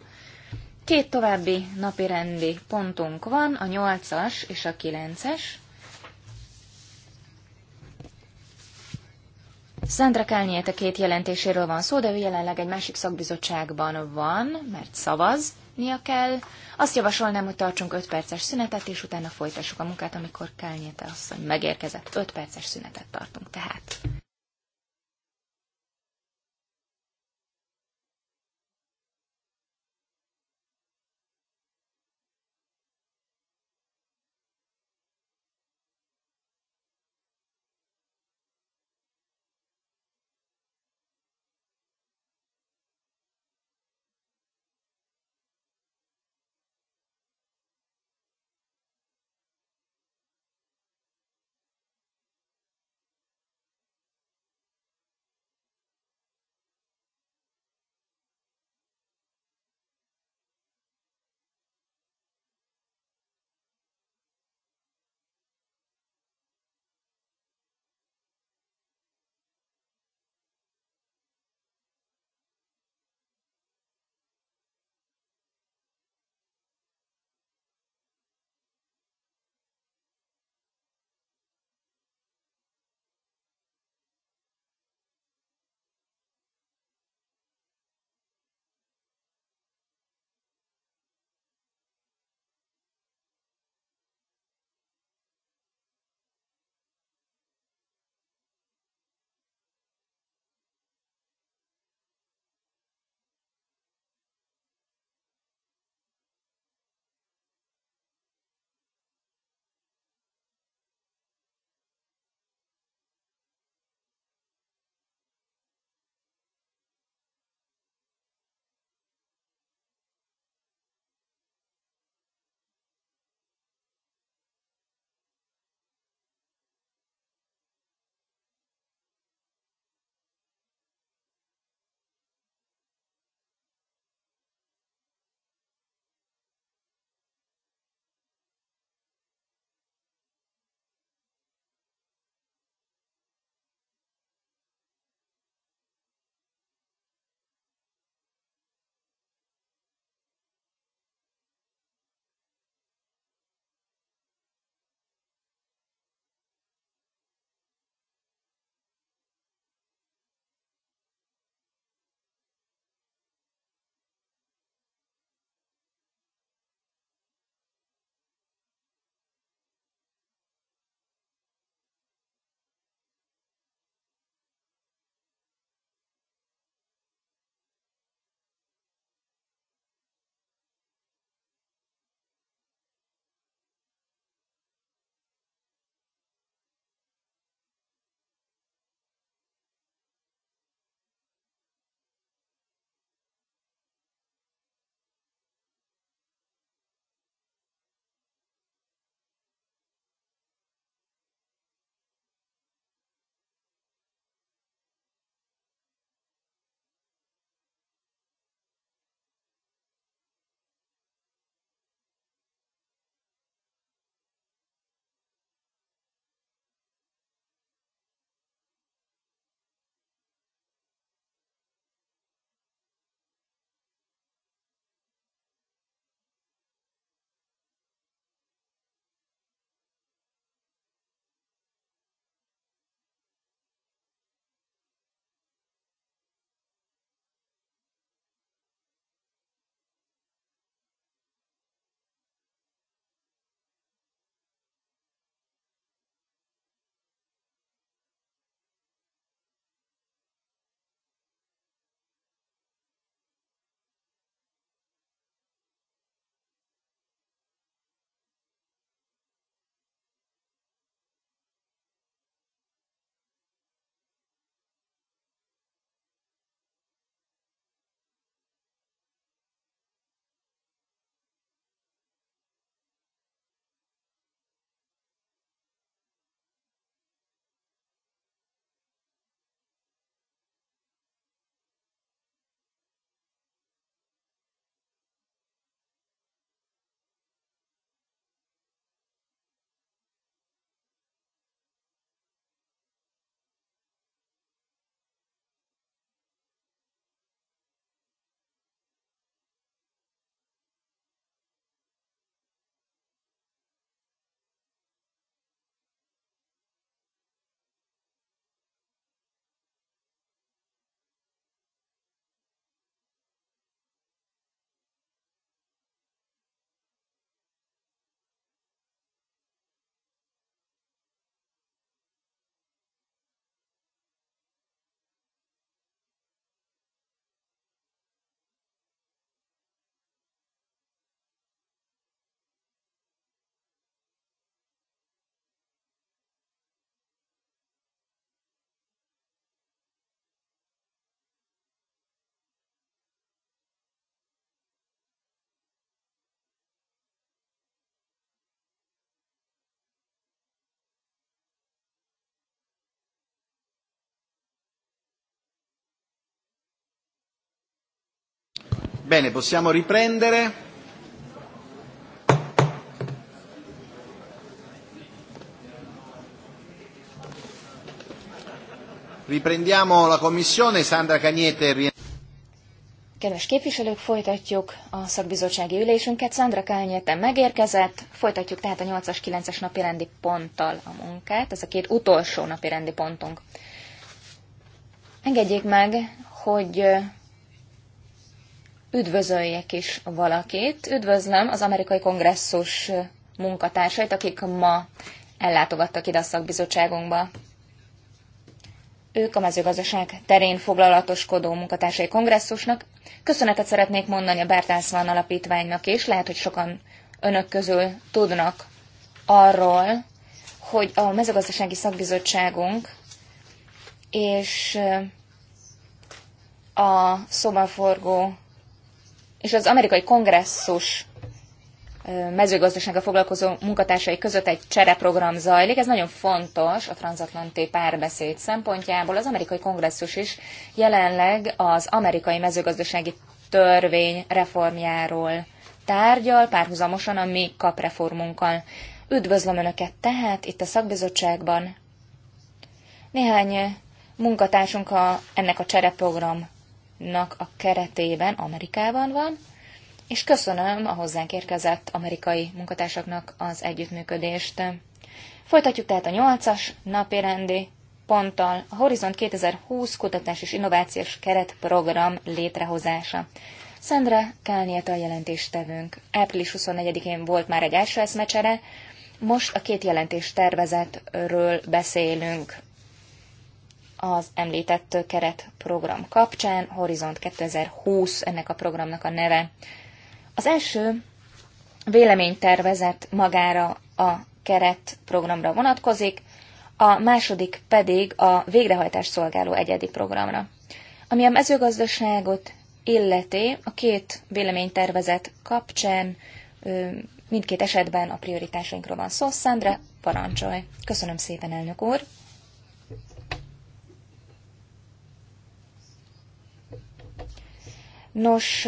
Két további napi rendi pontunk van, a 8-as és a 9-es. Kelnyét a két jelentéséről van szó, de ő jelenleg egy másik szakbizottságban van, mert szavaznia kell. Azt javasolnám, hogy tartsunk 5 perces szünetet, és utána folytassuk a munkát, amikor Kálnyéte asszony megérkezett. 5 perces szünetet tartunk tehát. Bene, possiamo riprendere. Riprendiamo la commissione, Sandra Cagnete. Kedves képviselők, folytatjuk a szakbizottsági ülésünket. Szandra Kányete megérkezett, folytatjuk tehát a 8-as, 9-es napi rendi ponttal a munkát. Ez a két utolsó napi rendi pontunk. Engedjék meg, hogy üdvözöljek is valakit. Üdvözlöm az amerikai kongresszus munkatársait, akik ma ellátogattak ide a szakbizottságunkba. Ők a mezőgazdaság terén foglalatoskodó munkatársai kongresszusnak. Köszönetet szeretnék mondani a Bertelszván alapítványnak is. Lehet, hogy sokan önök közül tudnak arról, hogy a mezőgazdasági szakbizottságunk és a szobaforgó és az amerikai kongresszus mezőgazdasággal foglalkozó munkatársai között egy csereprogram zajlik. Ez nagyon fontos a transatlanti párbeszéd szempontjából. Az amerikai kongresszus is jelenleg az amerikai mezőgazdasági törvény reformjáról tárgyal, párhuzamosan a mi kapreformunkkal. Üdvözlöm Önöket tehát itt a szakbizottságban. Néhány munkatársunk a, ennek a csereprogram nak a keretében Amerikában van, és köszönöm a hozzánk érkezett amerikai munkatársaknak az együttműködést. Folytatjuk tehát a nyolcas as napi rendi ponttal a Horizont 2020 kutatás és innovációs keretprogram létrehozása. Szendre Kálniet a jelentéstevőnk. Április 24-én volt már egy első eszmecsere, most a két jelentés tervezetről beszélünk az említett keretprogram kapcsán, Horizont 2020 ennek a programnak a neve. Az első véleménytervezet magára a keretprogramra vonatkozik, a második pedig a végrehajtás szolgáló egyedi programra. Ami a mezőgazdaságot illeti, a két véleménytervezet kapcsán mindkét esetben a prioritásainkról van szó. Szandra, parancsolj! Köszönöm szépen, elnök úr! Nos,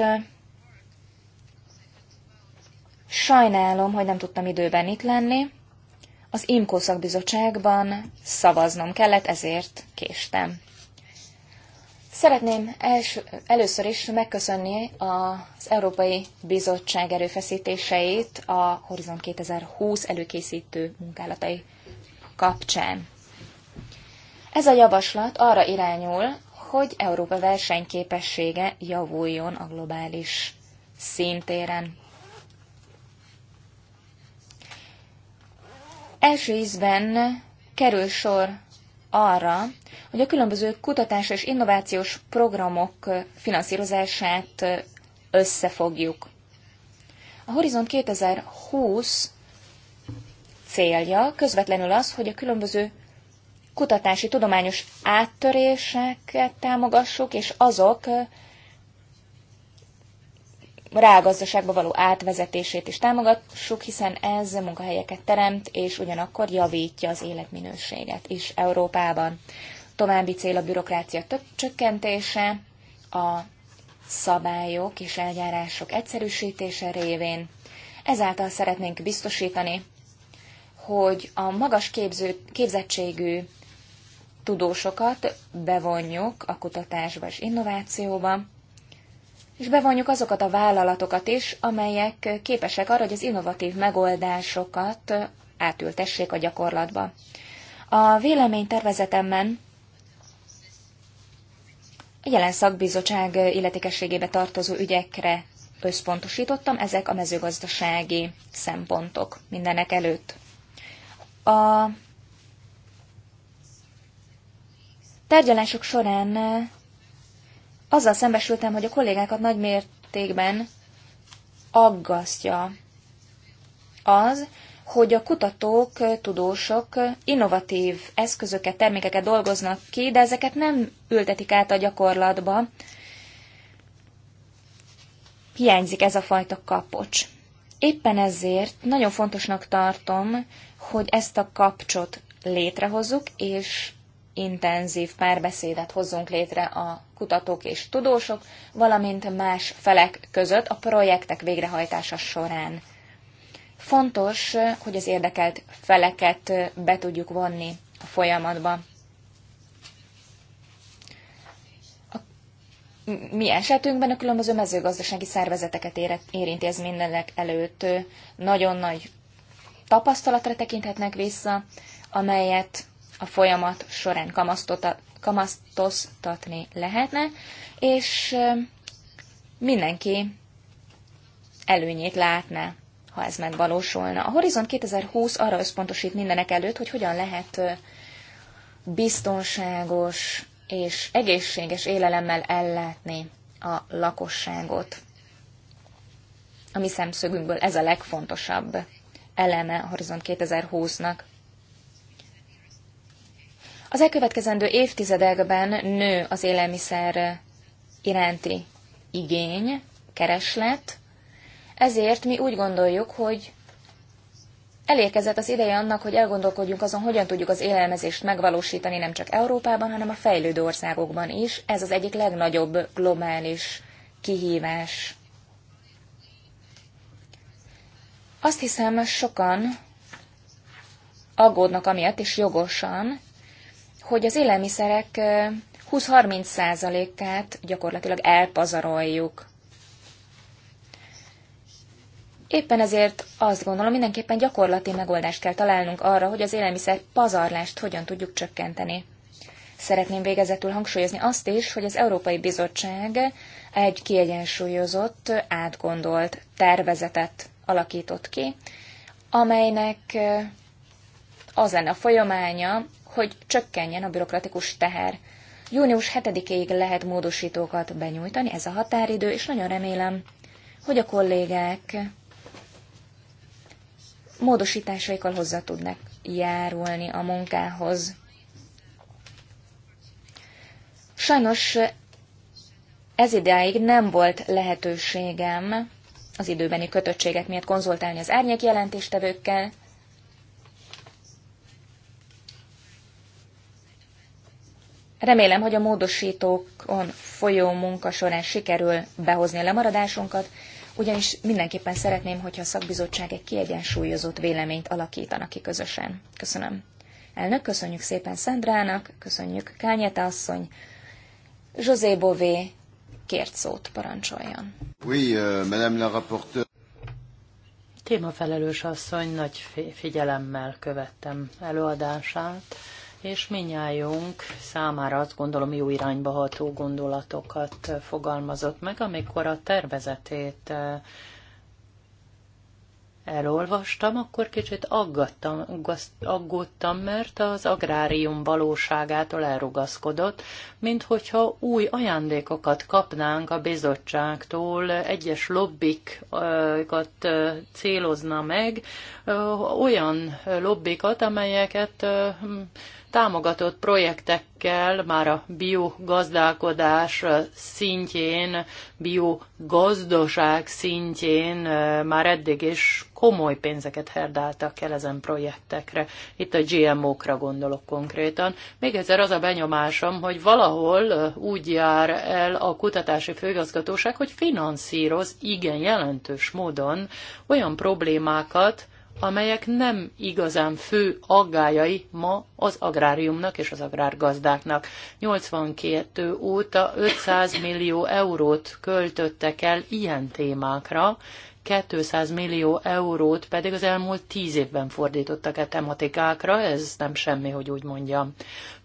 sajnálom, hogy nem tudtam időben itt lenni. Az IMCO szakbizottságban szavaznom kellett, ezért késtem. Szeretném els, először is megköszönni az Európai Bizottság erőfeszítéseit a Horizon 2020 előkészítő munkálatai kapcsán. Ez a javaslat arra irányul, hogy Európa versenyképessége javuljon a globális szintéren. Első ízben kerül sor arra, hogy a különböző kutatás és innovációs programok finanszírozását összefogjuk. A Horizont 2020 célja közvetlenül az, hogy a különböző kutatási, tudományos áttöréseket támogassuk, és azok rágazdaságba való átvezetését is támogassuk, hiszen ez munkahelyeket teremt, és ugyanakkor javítja az életminőséget is Európában. További cél a bürokrácia csökkentése, a szabályok és eljárások egyszerűsítése révén. Ezáltal szeretnénk biztosítani, hogy a magas képző, képzettségű tudósokat bevonjuk a kutatásba és innovációba, és bevonjuk azokat a vállalatokat is, amelyek képesek arra, hogy az innovatív megoldásokat átültessék a gyakorlatba. A véleménytervezetemben a jelen szakbizottság illetékességébe tartozó ügyekre összpontosítottam, ezek a mezőgazdasági szempontok mindenek előtt. A tárgyalások során azzal szembesültem, hogy a kollégákat nagy mértékben aggasztja az, hogy a kutatók, tudósok innovatív eszközöket, termékeket dolgoznak ki, de ezeket nem ültetik át a gyakorlatba. Hiányzik ez a fajta kapocs. Éppen ezért nagyon fontosnak tartom, hogy ezt a kapcsot létrehozzuk, és intenzív párbeszédet hozzunk létre a kutatók és tudósok, valamint más felek között a projektek végrehajtása során. Fontos, hogy az érdekelt feleket be tudjuk vonni a folyamatba. A mi esetünkben a különböző mezőgazdasági szervezeteket érinti ez mindenek előtt. Nagyon nagy tapasztalatra tekinthetnek vissza, amelyet a folyamat során kamasztoztatni lehetne, és mindenki előnyét látná, ha ez megvalósulna. A Horizon 2020 arra összpontosít mindenek előtt, hogy hogyan lehet biztonságos és egészséges élelemmel ellátni a lakosságot. A mi szemszögünkből ez a legfontosabb eleme a Horizont 2020-nak. Az elkövetkezendő évtizedekben nő az élelmiszer iránti igény, kereslet, ezért mi úgy gondoljuk, hogy elérkezett az ideje annak, hogy elgondolkodjunk azon, hogyan tudjuk az élelmezést megvalósítani nem csak Európában, hanem a fejlődő országokban is. Ez az egyik legnagyobb globális kihívás. Azt hiszem, sokan aggódnak amiatt, és jogosan, hogy az élelmiszerek 20-30%-át gyakorlatilag elpazaroljuk. Éppen ezért azt gondolom, mindenképpen gyakorlati megoldást kell találnunk arra, hogy az élelmiszer pazarlást hogyan tudjuk csökkenteni. Szeretném végezetül hangsúlyozni azt is, hogy az Európai Bizottság egy kiegyensúlyozott, átgondolt tervezetet alakított ki, amelynek az lenne a folyamánya, hogy csökkenjen a bürokratikus teher. Június 7-ig lehet módosítókat benyújtani, ez a határidő, és nagyon remélem, hogy a kollégák módosításaikkal hozzá tudnak járulni a munkához. Sajnos ez ideig nem volt lehetőségem az időbeni kötöttségek miatt konzultálni az árnyék jelentéstevőkkel, Remélem, hogy a módosítókon folyó munka során sikerül behozni a lemaradásunkat, ugyanis mindenképpen szeretném, hogyha a szakbizottság egy kiegyensúlyozott véleményt alakítanak ki közösen. Köszönöm. Elnök, köszönjük szépen Szendrának, köszönjük Kányeta asszony. José Bové kért szót, parancsoljon. Oui, euh, madame la rapporteur. Témafelelős asszony nagy figyelemmel követtem előadását és minnyájunk számára azt gondolom jó irányba ható gondolatokat fogalmazott meg, amikor a tervezetét eh, elolvastam, akkor kicsit aggattam, aggódtam, mert az agrárium valóságától elrugaszkodott, mint hogyha új ajándékokat kapnánk a bizottságtól, egyes lobbikat eh, célozna meg, eh, olyan lobbikat, amelyeket támogatott projektekkel már a biogazdálkodás szintjén, biogazdaság szintjén már eddig is komoly pénzeket herdáltak el ezen projektekre. Itt a GMO-kra gondolok konkrétan. Még egyszer az a benyomásom, hogy valahol úgy jár el a kutatási főgazgatóság, hogy finanszíroz igen jelentős módon olyan problémákat, amelyek nem igazán fő aggályai ma az agráriumnak és az agrárgazdáknak. 82 óta 500 millió eurót költöttek el ilyen témákra, 200 millió eurót pedig az elmúlt 10 évben fordítottak e tematikákra, ez nem semmi, hogy úgy mondjam.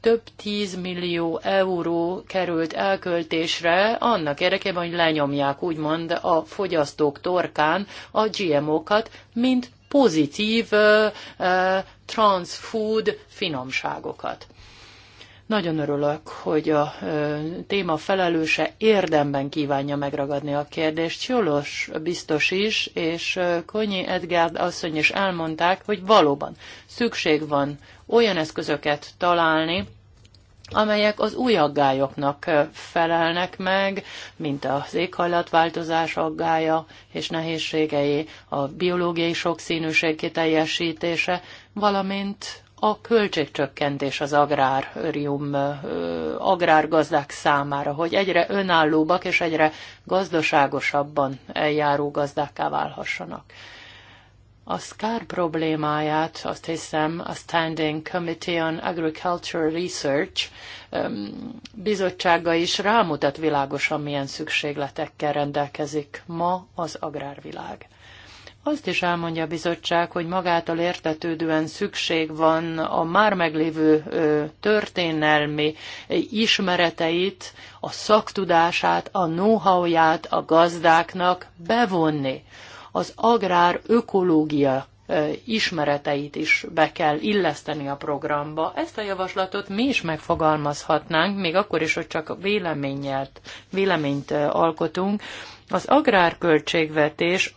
Több 10 millió euró került elköltésre annak érdekében, hogy lenyomják úgymond a fogyasztók torkán a GMO-kat, mint pozitív transfood finomságokat. Nagyon örülök, hogy a téma felelőse érdemben kívánja megragadni a kérdést. Jolos biztos is, és Konyi Edgárd asszony is elmondták, hogy valóban szükség van olyan eszközöket találni, amelyek az új aggályoknak felelnek meg, mint az éghajlatváltozás aggája és nehézségei, a biológiai sokszínűség kiteljesítése, valamint a költségcsökkentés az agrárium, agrárgazdák számára, hogy egyre önállóbbak és egyre gazdaságosabban eljáró gazdákká válhassanak a SCAR problémáját, azt hiszem, a Standing Committee on Agricultural Research um, bizottsága is rámutat világosan, milyen szükségletekkel rendelkezik ma az agrárvilág. Azt is elmondja a bizottság, hogy magától értetődően szükség van a már meglévő történelmi ismereteit, a szaktudását, a know-howját a gazdáknak bevonni az agrár ökológia ismereteit is be kell illeszteni a programba. Ezt a javaslatot mi is megfogalmazhatnánk, még akkor is, hogy csak véleményelt, véleményt alkotunk. Az agrárköltségvetés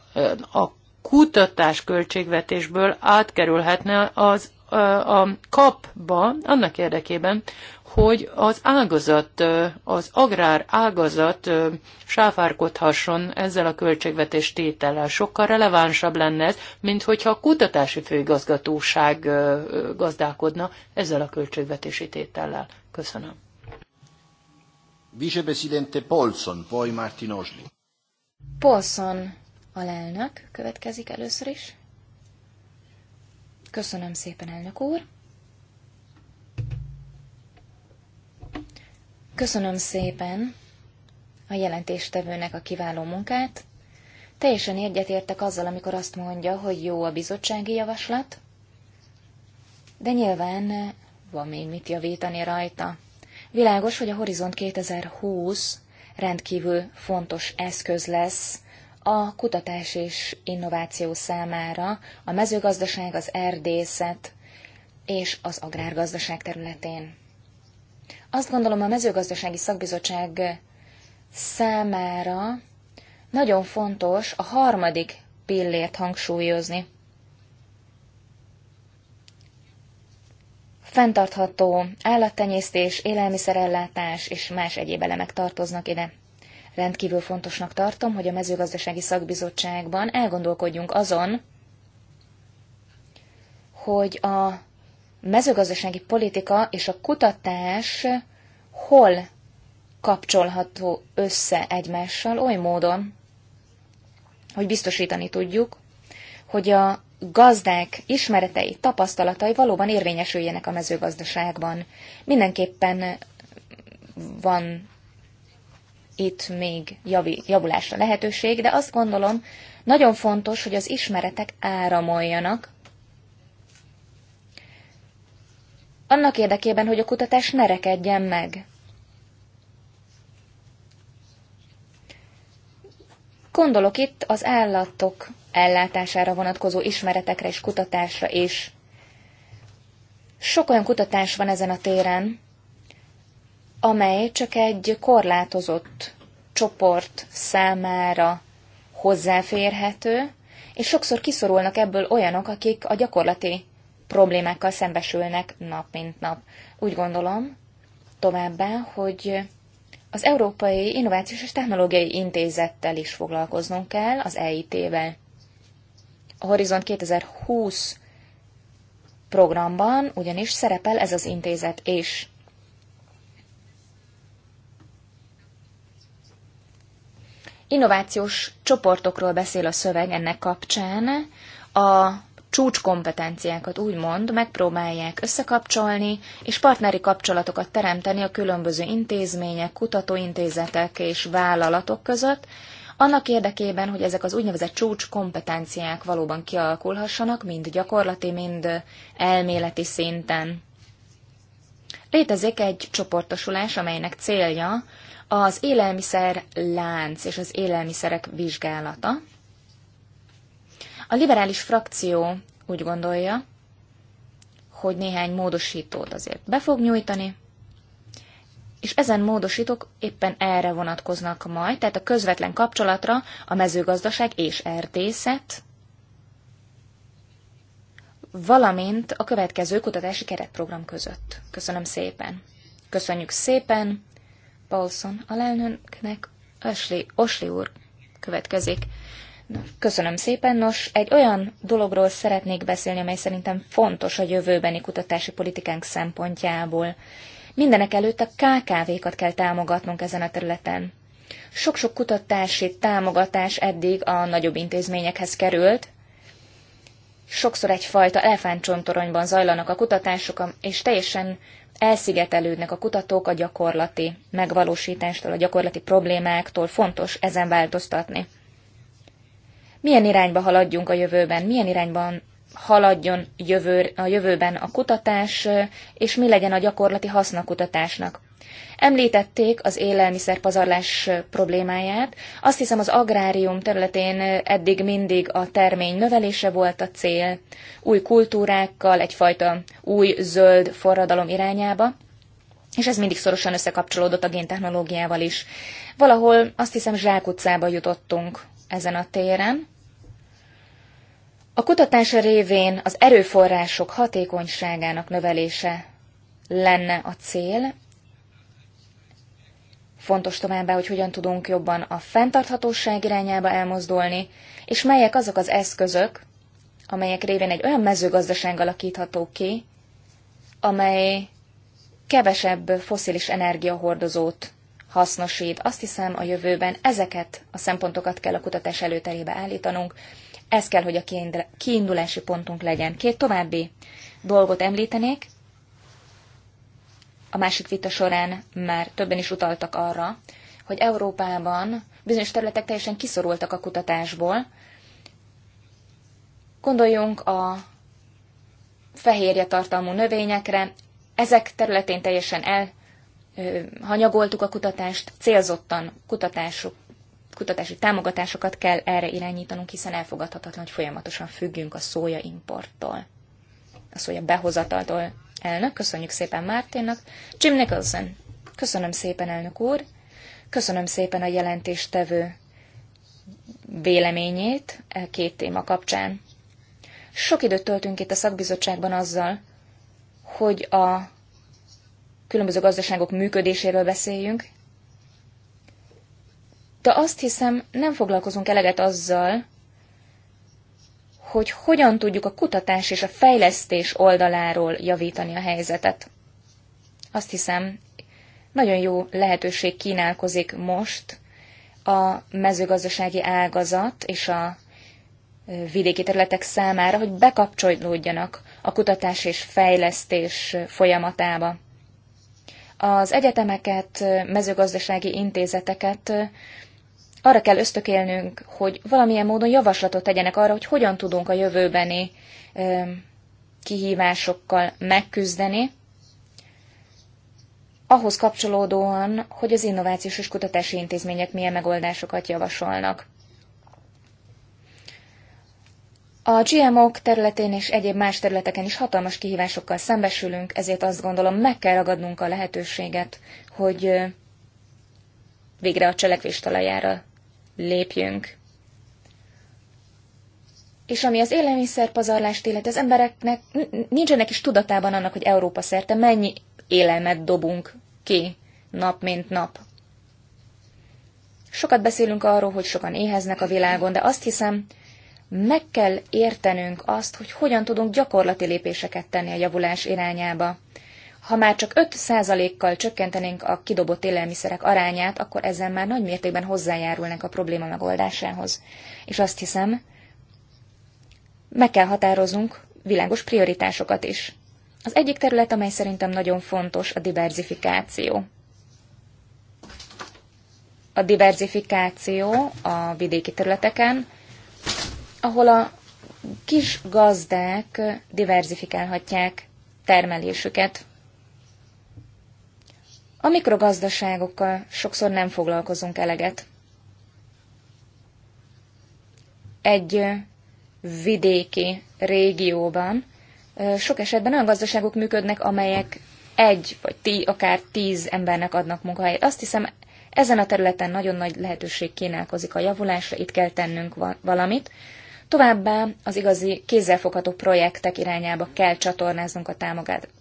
a kutatás költségvetésből átkerülhetne az a kapba annak érdekében, hogy az ágazat, az agrár ágazat sáfárkodhasson ezzel a költségvetés tétellel. Sokkal relevánsabb lenne ez, mint hogyha a kutatási főigazgatóság gazdálkodna ezzel a költségvetési tétellel. Köszönöm. Vicepresidente Polson, poi Martin Osli. Polson alelnök következik először is. Köszönöm szépen, elnök úr. Köszönöm szépen a jelentéstevőnek a kiváló munkát. Teljesen egyetértek azzal, amikor azt mondja, hogy jó a bizottsági javaslat, de nyilván van még mit javítani rajta. Világos, hogy a Horizont 2020 rendkívül fontos eszköz lesz a kutatás és innováció számára a mezőgazdaság, az erdészet és az agrárgazdaság területén. Azt gondolom a mezőgazdasági szakbizottság számára nagyon fontos a harmadik pillért hangsúlyozni. Fentartható állattenyésztés, élelmiszerellátás és más egyéb elemek tartoznak ide. Rendkívül fontosnak tartom, hogy a mezőgazdasági szakbizottságban elgondolkodjunk azon, hogy a mezőgazdasági politika és a kutatás hol kapcsolható össze egymással oly módon, hogy biztosítani tudjuk, hogy a gazdák ismeretei, tapasztalatai valóban érvényesüljenek a mezőgazdaságban. Mindenképpen van itt még javi, javulásra lehetőség, de azt gondolom, nagyon fontos, hogy az ismeretek áramoljanak, annak érdekében, hogy a kutatás ne rekedjen meg. Gondolok itt az állatok ellátására vonatkozó ismeretekre és kutatásra is. Sok olyan kutatás van ezen a téren, amely csak egy korlátozott csoport számára hozzáférhető, és sokszor kiszorulnak ebből olyanok, akik a gyakorlati problémákkal szembesülnek nap mint nap. Úgy gondolom továbbá, hogy az Európai Innovációs és Technológiai Intézettel is foglalkoznunk kell, az EIT-vel. A Horizont 2020 programban ugyanis szerepel ez az intézet is. Innovációs csoportokról beszél a szöveg ennek kapcsán. A csúcskompetenciákat úgymond megpróbálják összekapcsolni, és partneri kapcsolatokat teremteni a különböző intézmények, kutatóintézetek és vállalatok között, annak érdekében, hogy ezek az úgynevezett csúcskompetenciák valóban kialakulhassanak, mind gyakorlati, mind elméleti szinten. Létezik egy csoportosulás, amelynek célja, az élelmiszer lánc és az élelmiszerek vizsgálata. A liberális frakció úgy gondolja, hogy néhány módosítót azért be fog nyújtani, és ezen módosítók éppen erre vonatkoznak majd, tehát a közvetlen kapcsolatra a mezőgazdaság és erdészet, valamint a következő kutatási keretprogram között. Köszönöm szépen! Köszönjük szépen! Paulson alelnöknek, Ashley, Osli úr következik. Köszönöm szépen. Nos, egy olyan dologról szeretnék beszélni, amely szerintem fontos a jövőbeni kutatási politikánk szempontjából. Mindenek előtt a KKV-kat kell támogatnunk ezen a területen. Sok-sok kutatási támogatás eddig a nagyobb intézményekhez került, sokszor egyfajta elefántcsontoronyban zajlanak a kutatások, és teljesen elszigetelődnek a kutatók a gyakorlati megvalósítástól, a gyakorlati problémáktól, fontos ezen változtatni. Milyen irányba haladjunk a jövőben, milyen irányban haladjon jövő, a jövőben a kutatás, és mi legyen a gyakorlati haszna kutatásnak. Említették az élelmiszerpazarlás problémáját. Azt hiszem az agrárium területén eddig mindig a termény növelése volt a cél, új kultúrákkal, egyfajta új zöld forradalom irányába, és ez mindig szorosan összekapcsolódott a géntechnológiával is. Valahol azt hiszem zsákutcába jutottunk ezen a téren. A kutatása révén az erőforrások hatékonyságának növelése lenne a cél, Fontos továbbá, hogy hogyan tudunk jobban a fenntarthatóság irányába elmozdulni, és melyek azok az eszközök, amelyek révén egy olyan mezőgazdaság alakítható ki, amely kevesebb foszilis energiahordozót hasznosít. Azt hiszem, a jövőben ezeket a szempontokat kell a kutatás előterébe állítanunk. Ez kell, hogy a kiindulási pontunk legyen. Két további dolgot említenék a másik vita során már többen is utaltak arra, hogy Európában bizonyos területek teljesen kiszorultak a kutatásból. Gondoljunk a fehérje tartalmú növényekre, ezek területén teljesen elhanyagoltuk a kutatást, célzottan kutatások, kutatási támogatásokat kell erre irányítanunk, hiszen elfogadhatatlan, hogy folyamatosan függünk a szója importtól, a szója behozataltól Elnök, köszönjük szépen Márténak. Jim Nicholson. Köszönöm szépen, elnök úr. Köszönöm szépen a jelentéstevő véleményét e két téma kapcsán. Sok időt töltünk itt a szakbizottságban azzal, hogy a különböző gazdaságok működéséről beszéljünk, de azt hiszem, nem foglalkozunk eleget azzal, hogy hogyan tudjuk a kutatás és a fejlesztés oldaláról javítani a helyzetet. Azt hiszem, nagyon jó lehetőség kínálkozik most a mezőgazdasági ágazat és a vidéki területek számára, hogy bekapcsolódjanak a kutatás és fejlesztés folyamatába. Az egyetemeket, mezőgazdasági intézeteket arra kell ösztökélnünk, hogy valamilyen módon javaslatot tegyenek arra, hogy hogyan tudunk a jövőbeni kihívásokkal megküzdeni, ahhoz kapcsolódóan, hogy az innovációs és kutatási intézmények milyen megoldásokat javasolnak. A GMO-k területén és egyéb más területeken is hatalmas kihívásokkal szembesülünk, ezért azt gondolom meg kell ragadnunk a lehetőséget, hogy végre a cselekvés talajára lépjünk. És ami az élelmiszerpazarlást illeti, az embereknek nincsenek is tudatában annak, hogy Európa szerte mennyi élelmet dobunk ki nap mint nap. Sokat beszélünk arról, hogy sokan éheznek a világon, de azt hiszem, meg kell értenünk azt, hogy hogyan tudunk gyakorlati lépéseket tenni a javulás irányába. Ha már csak 5%-kal csökkentenénk a kidobott élelmiszerek arányát, akkor ezzel már nagy mértékben hozzájárulnak a probléma megoldásához. És azt hiszem, meg kell határoznunk világos prioritásokat is. Az egyik terület, amely szerintem nagyon fontos, a diversifikáció. A diversifikáció a vidéki területeken, ahol a kis gazdák diversifikálhatják termelésüket. A mikrogazdaságokkal sokszor nem foglalkozunk eleget. Egy vidéki régióban sok esetben olyan gazdaságok működnek, amelyek egy vagy tí, akár tíz embernek adnak munkahelyet. Azt hiszem, ezen a területen nagyon nagy lehetőség kínálkozik a javulásra, itt kell tennünk valamit. Továbbá az igazi kézzelfogható projektek irányába kell csatornáznunk a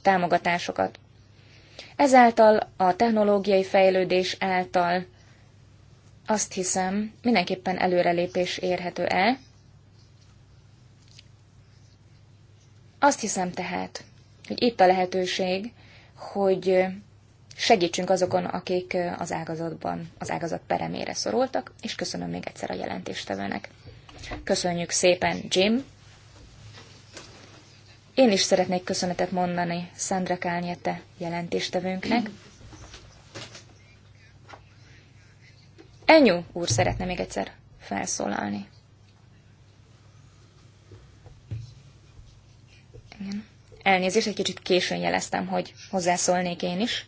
támogatásokat. Ezáltal a technológiai fejlődés által azt hiszem, mindenképpen előrelépés érhető el. Azt hiszem tehát, hogy itt a lehetőség, hogy segítsünk azokon, akik az ágazatban, az ágazat peremére szorultak, és köszönöm még egyszer a jelentéstevőnek. Köszönjük szépen, Jim! Én is szeretnék köszönetet mondani Szandra Kálnyete jelentéstevőnknek. Enyú úr szeretne még egyszer felszólalni. Igen. Elnézést, egy kicsit későn jeleztem, hogy hozzászólnék én is.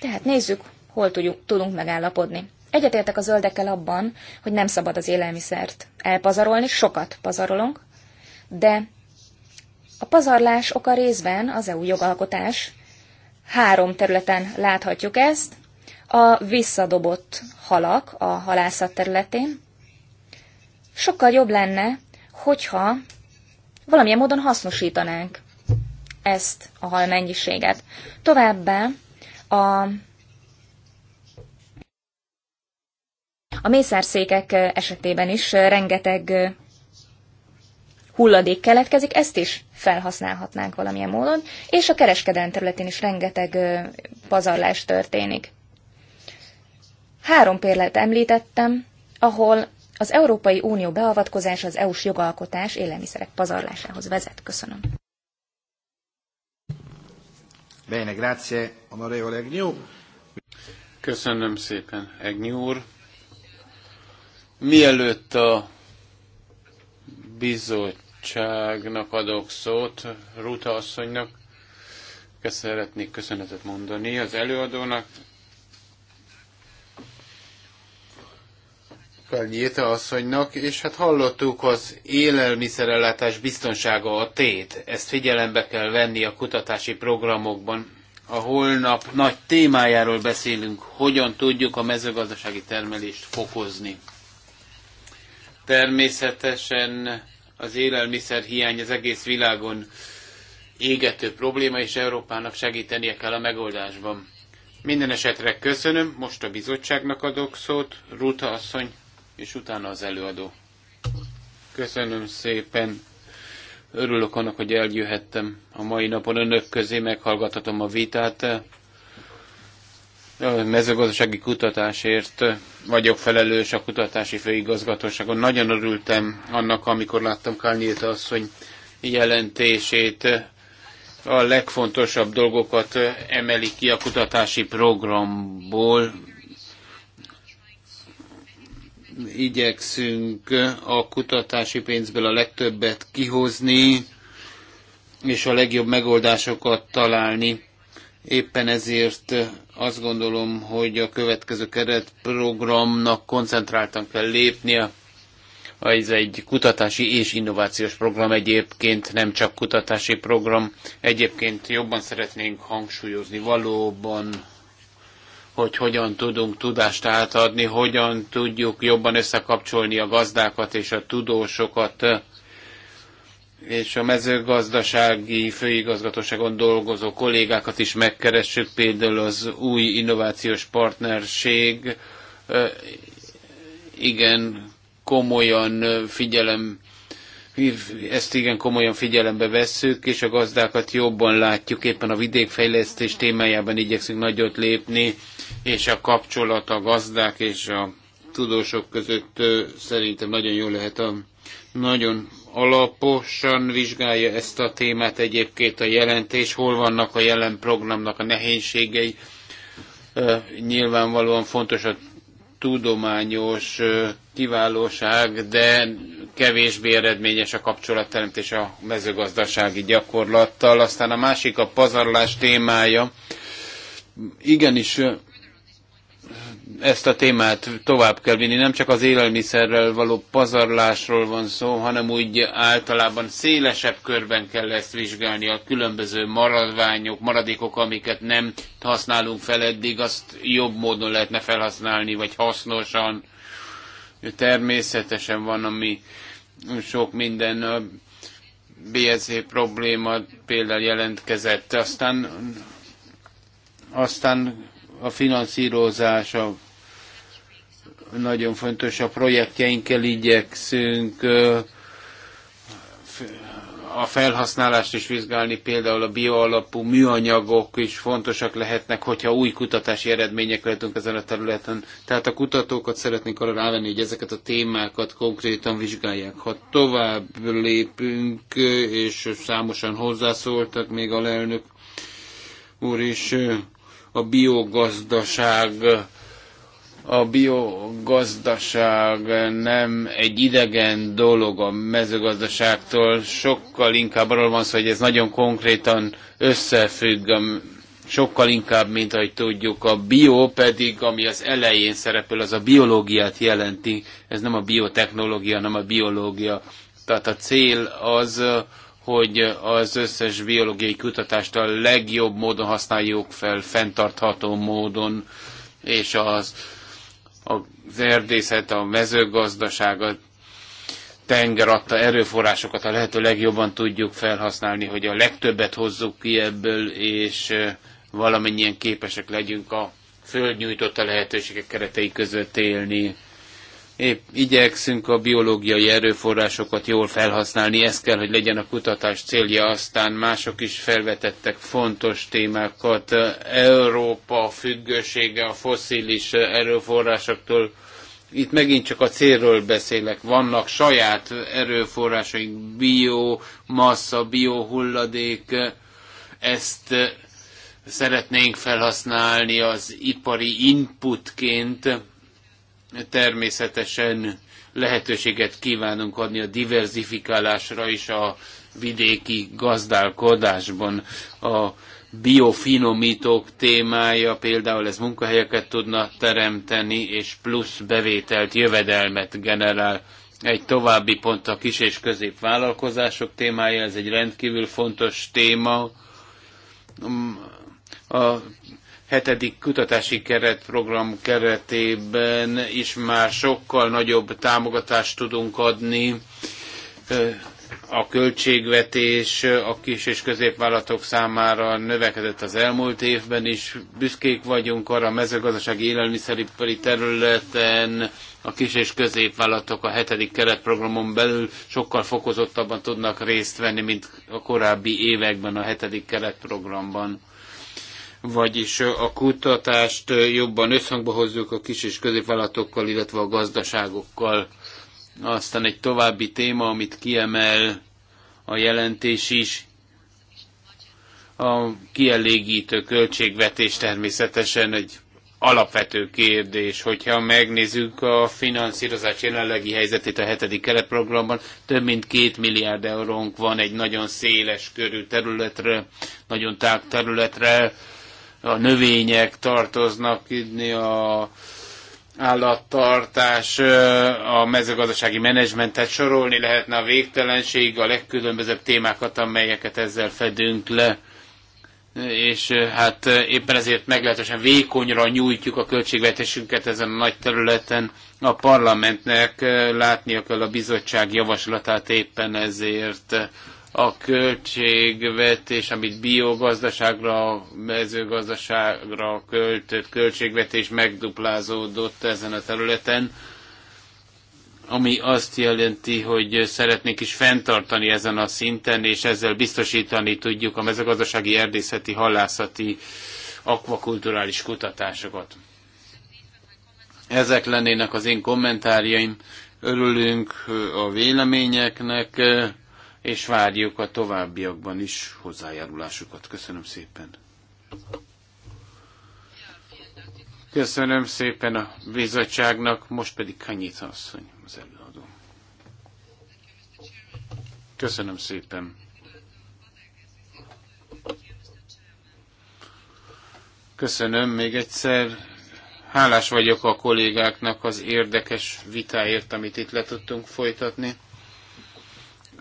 Tehát nézzük, hol tudjuk, tudunk megállapodni. Egyetértek a zöldekkel abban, hogy nem szabad az élelmiszert elpazarolni, sokat pazarolunk, de a pazarlás oka részben az EU jogalkotás. Három területen láthatjuk ezt. A visszadobott halak a halászat területén. Sokkal jobb lenne, hogyha valamilyen módon hasznosítanánk ezt a hal mennyiséget. Továbbá a A mészárszékek esetében is rengeteg hulladék keletkezik, ezt is felhasználhatnánk valamilyen módon, és a kereskedelem területén is rengeteg pazarlás történik. Három példát említettem, ahol az Európai Unió beavatkozása az EU-s jogalkotás élelmiszerek pazarlásához vezet. Köszönöm. Bene, grazie, onorevole Agnew. Köszönöm szépen, Egnyúr. úr. Mielőtt a bizottságnak adok szót, Ruta asszonynak, szeretnék köszönetet mondani az előadónak. Kalnyéta asszonynak, és hát hallottuk, az élelmiszerellátás biztonsága a tét. Ezt figyelembe kell venni a kutatási programokban. A holnap nagy témájáról beszélünk, hogyan tudjuk a mezőgazdasági termelést fokozni. Természetesen az élelmiszer hiány az egész világon égető probléma, és Európának segítenie kell a megoldásban. Minden esetre köszönöm, most a bizottságnak adok szót, Ruta asszony, és utána az előadó. Köszönöm szépen, örülök annak, hogy eljöhettem a mai napon önök közé, meghallgathatom a vitát a mezőgazdasági kutatásért vagyok felelős a kutatási főigazgatóságon. Nagyon örültem annak, amikor láttam Kálnyéta asszony jelentését. A legfontosabb dolgokat emeli ki a kutatási programból. Igyekszünk a kutatási pénzből a legtöbbet kihozni, és a legjobb megoldásokat találni Éppen ezért azt gondolom, hogy a következő keretprogramnak koncentráltan kell lépnie. Ez egy kutatási és innovációs program egyébként, nem csak kutatási program. Egyébként jobban szeretnénk hangsúlyozni valóban hogy hogyan tudunk tudást átadni, hogyan tudjuk jobban összekapcsolni a gazdákat és a tudósokat és a mezőgazdasági főigazgatóságon dolgozó kollégákat is megkeressük, például az új innovációs partnerség igen komolyan figyelem, ezt igen komolyan figyelembe vesszük, és a gazdákat jobban látjuk, éppen a vidékfejlesztés témájában igyekszünk nagyot lépni, és a kapcsolat a gazdák és a tudósok között szerintem nagyon jó lehet a nagyon alaposan vizsgálja ezt a témát egyébként a jelentés, hol vannak a jelen programnak a nehézségei. Nyilvánvalóan fontos a tudományos kiválóság, de kevésbé eredményes a kapcsolatteremtés a mezőgazdasági gyakorlattal. Aztán a másik a pazarlás témája. Igenis ezt a témát tovább kell vinni. Nem csak az élelmiszerrel való pazarlásról van szó, hanem úgy általában szélesebb körben kell ezt vizsgálni, a különböző maradványok, maradékok, amiket nem használunk fel eddig, azt jobb módon lehetne felhasználni, vagy hasznosan. Természetesen van, ami sok minden a BSZ probléma például jelentkezett. Aztán, aztán a finanszírozás a nagyon fontos. A projektjeinkkel igyekszünk a felhasználást is vizsgálni, például a bioalapú műanyagok is fontosak lehetnek, hogyha új kutatási eredmények lehetünk ezen a területen. Tehát a kutatókat szeretnénk arra rávenni, hogy ezeket a témákat konkrétan vizsgálják. Ha tovább lépünk, és számosan hozzászóltak még a lelnök úr is, a biogazdaság a biogazdaság nem egy idegen dolog a mezőgazdaságtól, sokkal inkább arról van szó, hogy ez nagyon konkrétan összefügg, sokkal inkább, mint ahogy tudjuk. A bio pedig, ami az elején szerepel, az a biológiát jelenti, ez nem a biotechnológia, hanem a biológia. Tehát a cél az, hogy az összes biológiai kutatást a legjobb módon használjuk fel, fenntartható módon, és az az erdészet, a mezőgazdaság, a tenger adta erőforrásokat a lehető legjobban tudjuk felhasználni, hogy a legtöbbet hozzuk ki ebből, és valamennyien képesek legyünk a föld nyújtotta lehetőségek keretei között élni. Épp igyekszünk a biológiai erőforrásokat jól felhasználni, ez kell, hogy legyen a kutatás célja, aztán mások is felvetettek fontos témákat. Európa függősége a foszilis erőforrásoktól, itt megint csak a célról beszélek, vannak saját erőforrásaink, biomassa, biohulladék, ezt szeretnénk felhasználni az ipari inputként, természetesen lehetőséget kívánunk adni a diverzifikálásra is a vidéki gazdálkodásban. A biofinomítók témája például ez munkahelyeket tudna teremteni, és plusz bevételt, jövedelmet generál. Egy további pont a kis és középvállalkozások témája, ez egy rendkívül fontos téma. A hetedik kutatási keretprogram keretében is már sokkal nagyobb támogatást tudunk adni a költségvetés a kis és középvállalatok számára növekedett az elmúlt évben is. Büszkék vagyunk arra a mezőgazdasági élelmiszeripari területen, a kis és középvállalatok a hetedik keretprogramon belül sokkal fokozottabban tudnak részt venni, mint a korábbi években a hetedik keretprogramban vagyis a kutatást jobban összhangba hozzuk a kis és középvállalatokkal, illetve a gazdaságokkal. Aztán egy további téma, amit kiemel a jelentés is, a kielégítő költségvetés természetesen egy alapvető kérdés, hogyha megnézzük a finanszírozás jelenlegi helyzetét a hetedik keretprogramban, több mint két milliárd eurónk van egy nagyon széles körű területre, nagyon tág területre, a növények tartoznak idni a állattartás, a mezőgazdasági menedzsmentet sorolni lehetne a végtelenség, a legkülönbözőbb témákat, amelyeket ezzel fedünk le és hát éppen ezért meglehetősen vékonyra nyújtjuk a költségvetésünket ezen a nagy területen. A parlamentnek látnia kell a bizottság javaslatát éppen ezért a költségvetés, amit biogazdaságra, mezőgazdaságra költött költségvetés megduplázódott ezen a területen, ami azt jelenti, hogy szeretnék is fenntartani ezen a szinten, és ezzel biztosítani tudjuk a mezőgazdasági, erdészeti, halászati, akvakulturális kutatásokat. Ezek lennének az én kommentárjaim. Örülünk a véleményeknek és várjuk a továbbiakban is hozzájárulásukat. Köszönöm szépen! Köszönöm szépen a bizottságnak, most pedig Kanyita asszony az előadó. Köszönöm szépen! Köszönöm még egyszer. Hálás vagyok a kollégáknak az érdekes vitáért, amit itt le tudtunk folytatni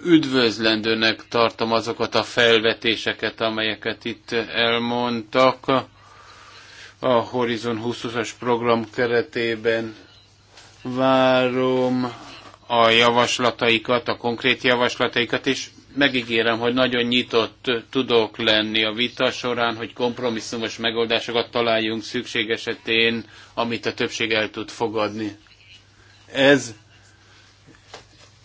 üdvözlendőnek tartom azokat a felvetéseket, amelyeket itt elmondtak a Horizon 20-as program keretében. Várom a javaslataikat, a konkrét javaslataikat, és megígérem, hogy nagyon nyitott tudok lenni a vita során, hogy kompromisszumos megoldásokat találjunk szükség esetén, amit a többség el tud fogadni. Ez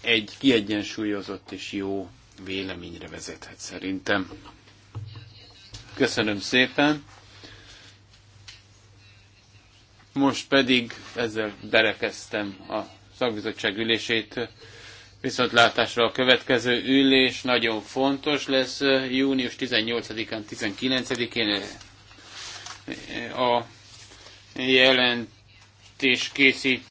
egy kiegyensúlyozott és jó véleményre vezethet szerintem. Köszönöm szépen! Most pedig ezzel berekeztem a szakbizottság ülését. Viszontlátásra a következő ülés nagyon fontos lesz június 18-án, 19-én a jelentés készít